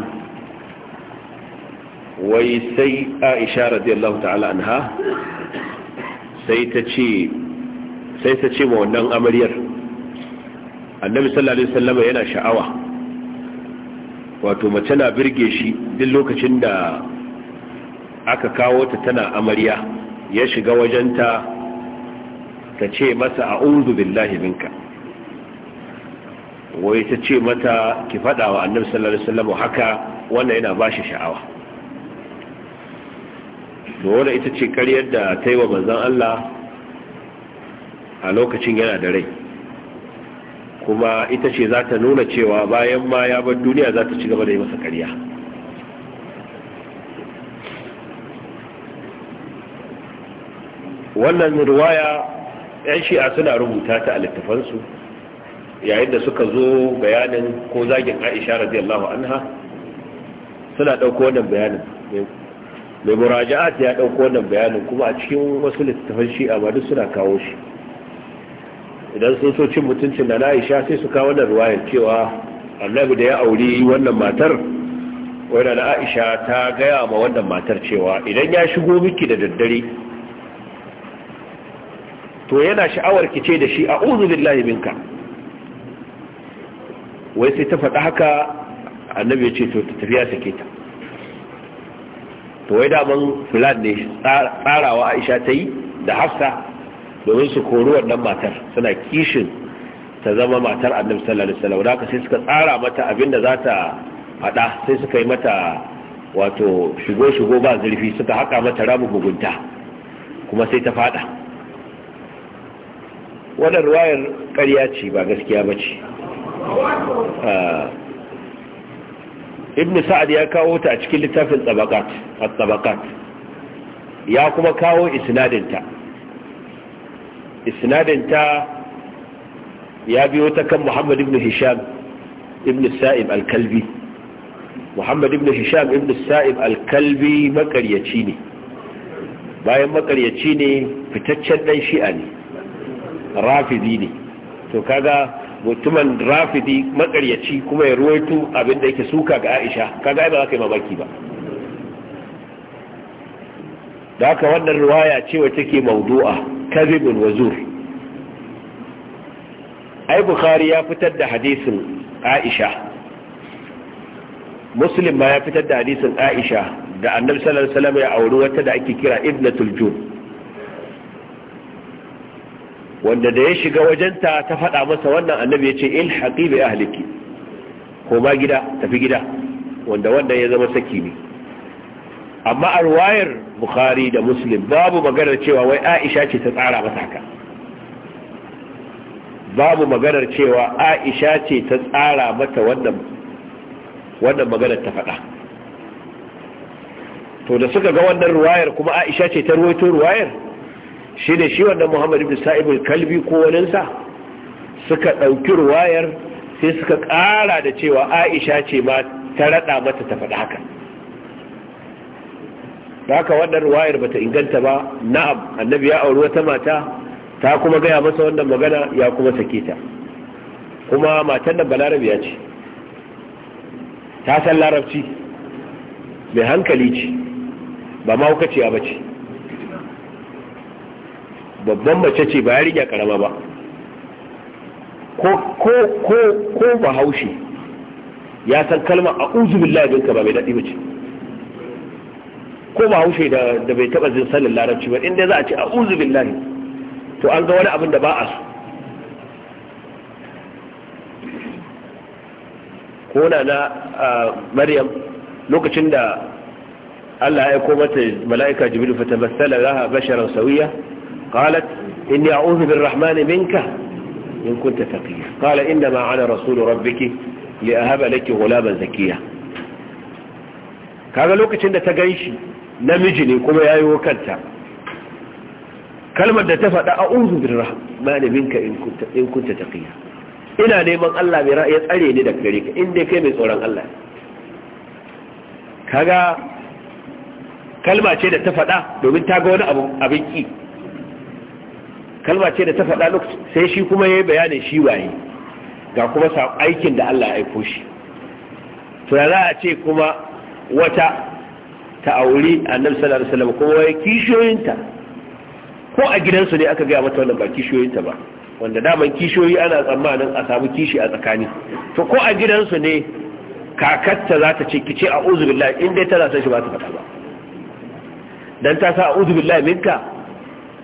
wai sai aisha radiyallahu ta'ala anha sai ta ce sai ta ce wa wannan amaryar annabi sallallahu alaihi wasallam yana sha'awa wato mace na birge shi duk lokacin da aka kawo ta tana amarya ya shiga wajenta ta ce masa unzu billahi binka. wai ta ce mata ki fada wa annabi sallallahu alaihi wasallam haka wannan yana ba shi sha'awa to wannan ita ce ƙaryar da ta yi wa manzon Allah a lokacin yana da rai kuma ita ce za ta nuna cewa bayan ma ya bar duniya za ta ci gaba da yi masa karya wannan riwaya yan shi'a suna rubuta ta a littafansu yayin da suka zo bayanin ko zagin aisha radiyallahu anha suna ɗauko wannan bayanin mai muraja'at ya ɗauko wannan bayanin kuma a cikin wasu littattafan shi'a ba duk suna kawo shi idan sun so cin mutuncin da na aisha sai su kawo wannan ruwayar cewa annabi da ya auri wannan matar wadda na aisha ta gaya ma wannan matar cewa idan ya shigo miki da daddare to yana sha'awar ki ce da shi a'udhu billahi minka wai sai ta faɗa haka annabi ya ce to ta tafiya sake ta to wai daman fulan ne tsarawa aisha ta yi da hafsa domin su kori wannan matar suna kishin ta zama matar annabi sallallahu alaihi wasallam haka sai suka tsara mata abin da za ta faɗa sai suka yi mata wato shigo shigo ba zurfi suka haka mata ramu gugunta kuma sai ta faɗa wannan ruwayar ƙarya ce ba gaskiya ba ce ah, ibn sa'ad ya kawo ta a cikin littafin tsabakat at-tabakat ya kuma kawo isnadinta isnadinta ya biyo ta kan muhammad ibn hisham ibn sa'ib al-kalbi muhammad ibn hisham ibn sa'ib al-kalbi makaryaci ne bayan makaryaci ne fitaccen dan shi'a ne rafidi ne to kaga mutumin rafidi makaryaci kuma ya ruwaito abin da yake suka ga Aisha kaga ba za ka yi mamaki ba da haka wannan riwaya ce wacce take mawdu'a kadhibun wazur ai bukari ya fitar da hadisin Aisha muslim ma ya fitar da hadisin Aisha da annabi sallallahu alaihi wasallam ya auri wata da ake kira ibnatul jun wanda da ya shiga wajenta ta faɗa masa wannan annabi ya ce il haƙi bai ahliki ko ma gida tafi gida wanda wannan ya zama saki ne amma a ruwayar bukhari da muslim babu maganar cewa wai aisha ce ta tsara masa haka babu maganar cewa aisha ce ta tsara mata wannan wannan maganar ta faɗa to da suka ga wannan ruwayar kuma aisha ce ta ruwaito ruwayar shi da shi wannan Muhammadu bin sa'ib kalbi ko waninsa suka ɗauki ruwayar sai suka ƙara da cewa aisha ce ma ta raɗa mata ta faɗi haka Ba haka wannan ruwayar ba ta inganta ba na'am annabi ya auri wata mata ta kuma gaya masa wannan magana ya kuma sake ta kuma matan nan balarabiya ce ta san larabci mai hankali ce ba mahaukaciya ba ce babban mace ce ba ya riƙe karama ba ko ko ko bahaushe ya san kalma a'udhu billahi minka ba mai dadi ba ce ko bahaushe da da bai taba zin sanin larabci ba inda za a ce a'udhu billahi to an ga wani abin da ba a su ko na na maryam lokacin da Allah ya aiko mata mala'ika jibril fa tabassala laha basharan sawiya قالت إني أعوذ بالرحمن منك إن كنت تقيا قال إنما أنا رسول ربك لأهب لك غلاما زكيا lokacin da ta ganshi namiji ne kuma yayi wakanta kalmar da ta faɗa a'udhu birrahmani minka in kunta in kunta taqiya ina neman Allah mai ra'ayi tsare ni daga gare in dai kai mai tsoron Allah kaga kalma ce da ta faɗa domin ta ga wani abin kalma ce da ta faɗa lokacin sai shi kuma ya yi bayanin shi waye ga kuma aikin da Allah ya aiko shi to za a ce kuma wata ta auri annabi sallallahu alaihi wasallam kuma wai ta, ko a gidansu ne aka gaya mata wannan ba ta ba wanda daman kishiyoyi ana tsammanin a samu kishi a tsakani to ko a gidansu ne kakatta za ta ce kice a uzu billahi in dai tana son shi ba ta faɗa ba dan ta sa a uzu billahi minka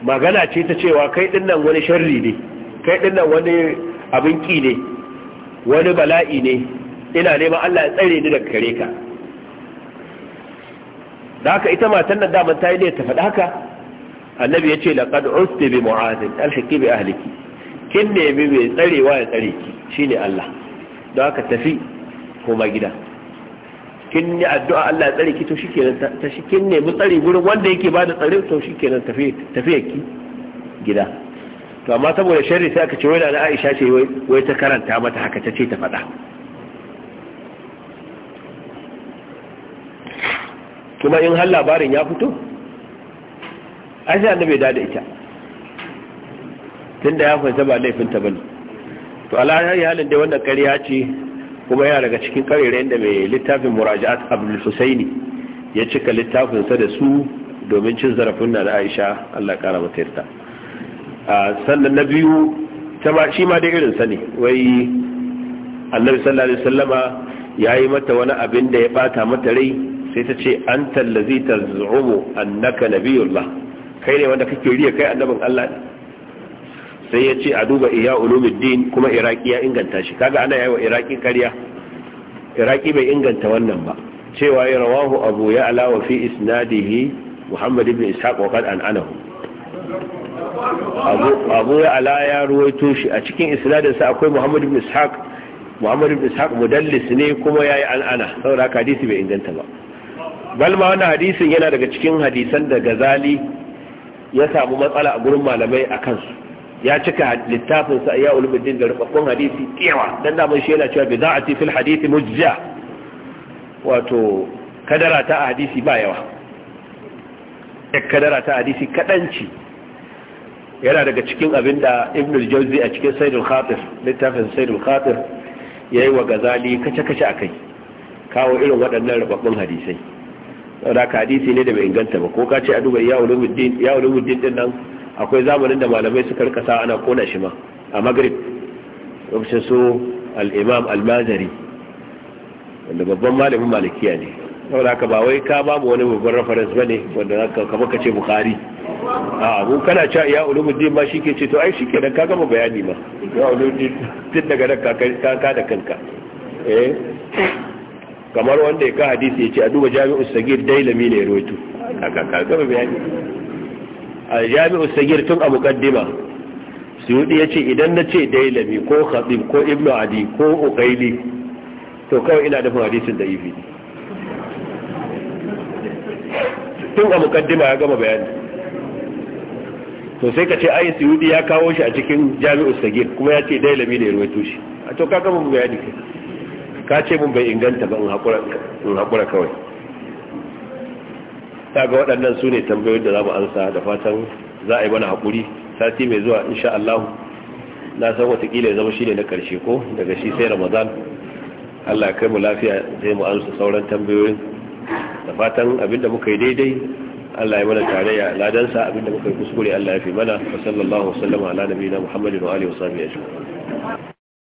magana ce ta cewa kai dinnan wani sharri ne kai dinnan wani abin ki ne wani bala'i ne ina neman Allah ya tsare ni daga kare ka da haka ita matan nan daman ta yi ne ta faɗa haka annabi ya ce laqad usti bi mu'adin alhaqi bi ahliki kin nemi mai tsarewa ya tsare ki shine Allah don haka tafi koma gida kin ne addu'a Allah ya tsare ki to shikenan ta shi kin mu tsare gurin wanda yake ba da tsare to shikenan tafi tafi ki gida to amma saboda sharri sai aka ce wai da Aisha ce wai ta karanta mata haka ta ce ta faɗa kuma in har labarin ya fito Aisha sai annabi da ita tunda ya fahimta ba ta bane to alhaji halin dai wannan ƙarya ce kuma yana daga cikin karerayen da mai littafin muraja'at abdul husaini ya cika littafinsa da su domin cin zarafin na da aisha allah kara mata sannan na biyu ta ma shi ma da irin ne wai annabi sallallahu alaihi wasallama yi mata wani abin da ya bata mata rai sai ta ce an tallazi ta zuwa annaka nabiyullah kai ne wanda kake riya kai annabin allah sai ya ce a duba iya ulumuddin kuma iraki ya inganta shi kaga ana yawa iraki karya iraki bai inganta wannan ba cewa ya rawahu abu ya alawa fi isnadihi muhammad ibn ishaq wa qad an'anahu abu abu ya ala ya ruwaito shi a cikin isnadin sa akwai muhammad ibn ishaq muhammad ibn ishaq mudallis ne kuma yayi an'ana saboda hadisi bai inganta ba bal ma wannan hadisin yana daga cikin hadisan da gazali ya samu matsala a gurin malamai a kansu ya cika littafin sa ya ulumuddin da rubabban hadisi yawa dan da mun shi yana cewa bid'ati fil hadisi mujza wato kadara ta hadisi ba yawa kadara ta hadisi kadanci yana daga cikin abinda ibnu al-jawzi a cikin sayyidul khatir littafin sayyidul khatir yayi wa gazali kace kace akai kawo irin waɗannan rubabban hadisai saboda hadisi ne da bai inganta ba ko ka ce a duba ya ulumuddin ya ulumuddin din nan akwai zamanin da malamai suka rika ana kona shi ma a magrib lokacin su al-imam al-mazari wanda babban malamin malikiya ne saboda haka ba wai ka ba mu wani babban reference bane wanda zaka kamar kace bukhari a abu kana cewa ya ulumuddin ma ke ce to ai ke dan ka gama bayani ma ya ulumuddin tun daga nan ka ka da kanka eh kamar wanda ya ka hadisi ya ce a duba jami'us sagir dailami ne ya rawaito ka ka gama bayani a jami'u sagir tun a mukaddima suyudi ya ce idan na ce dailami ko khatib ko Ibn adi ko ukaili to kawai ina nufin hadisin da ifi tun a mukaddima ya gama bayani to sai ka ce ayi suyudi ya kawo shi a cikin jami'u sagir kuma ya ce dailami ne ruwaito shi a to ka gama bayani ka ce mun bai inganta ba in haƙura kawai ta ga waɗannan su ne tambayoyin da za mu ansa da fatan za a yi mana haƙuri sati mai zuwa insha Allah na san watakila ya zama shi ne na ƙarshe ko daga shi sai ramadan Allah ya kai mu lafiya sai mu ansa sauran tambayoyin da fatan abinda muka yi daidai Allah ya mana tarayya ladansa da muka yi kuskure Allah ya fi mana wa sallallahu ala nabiyina Muhammadin wa alihi wa sahbihi ajma'in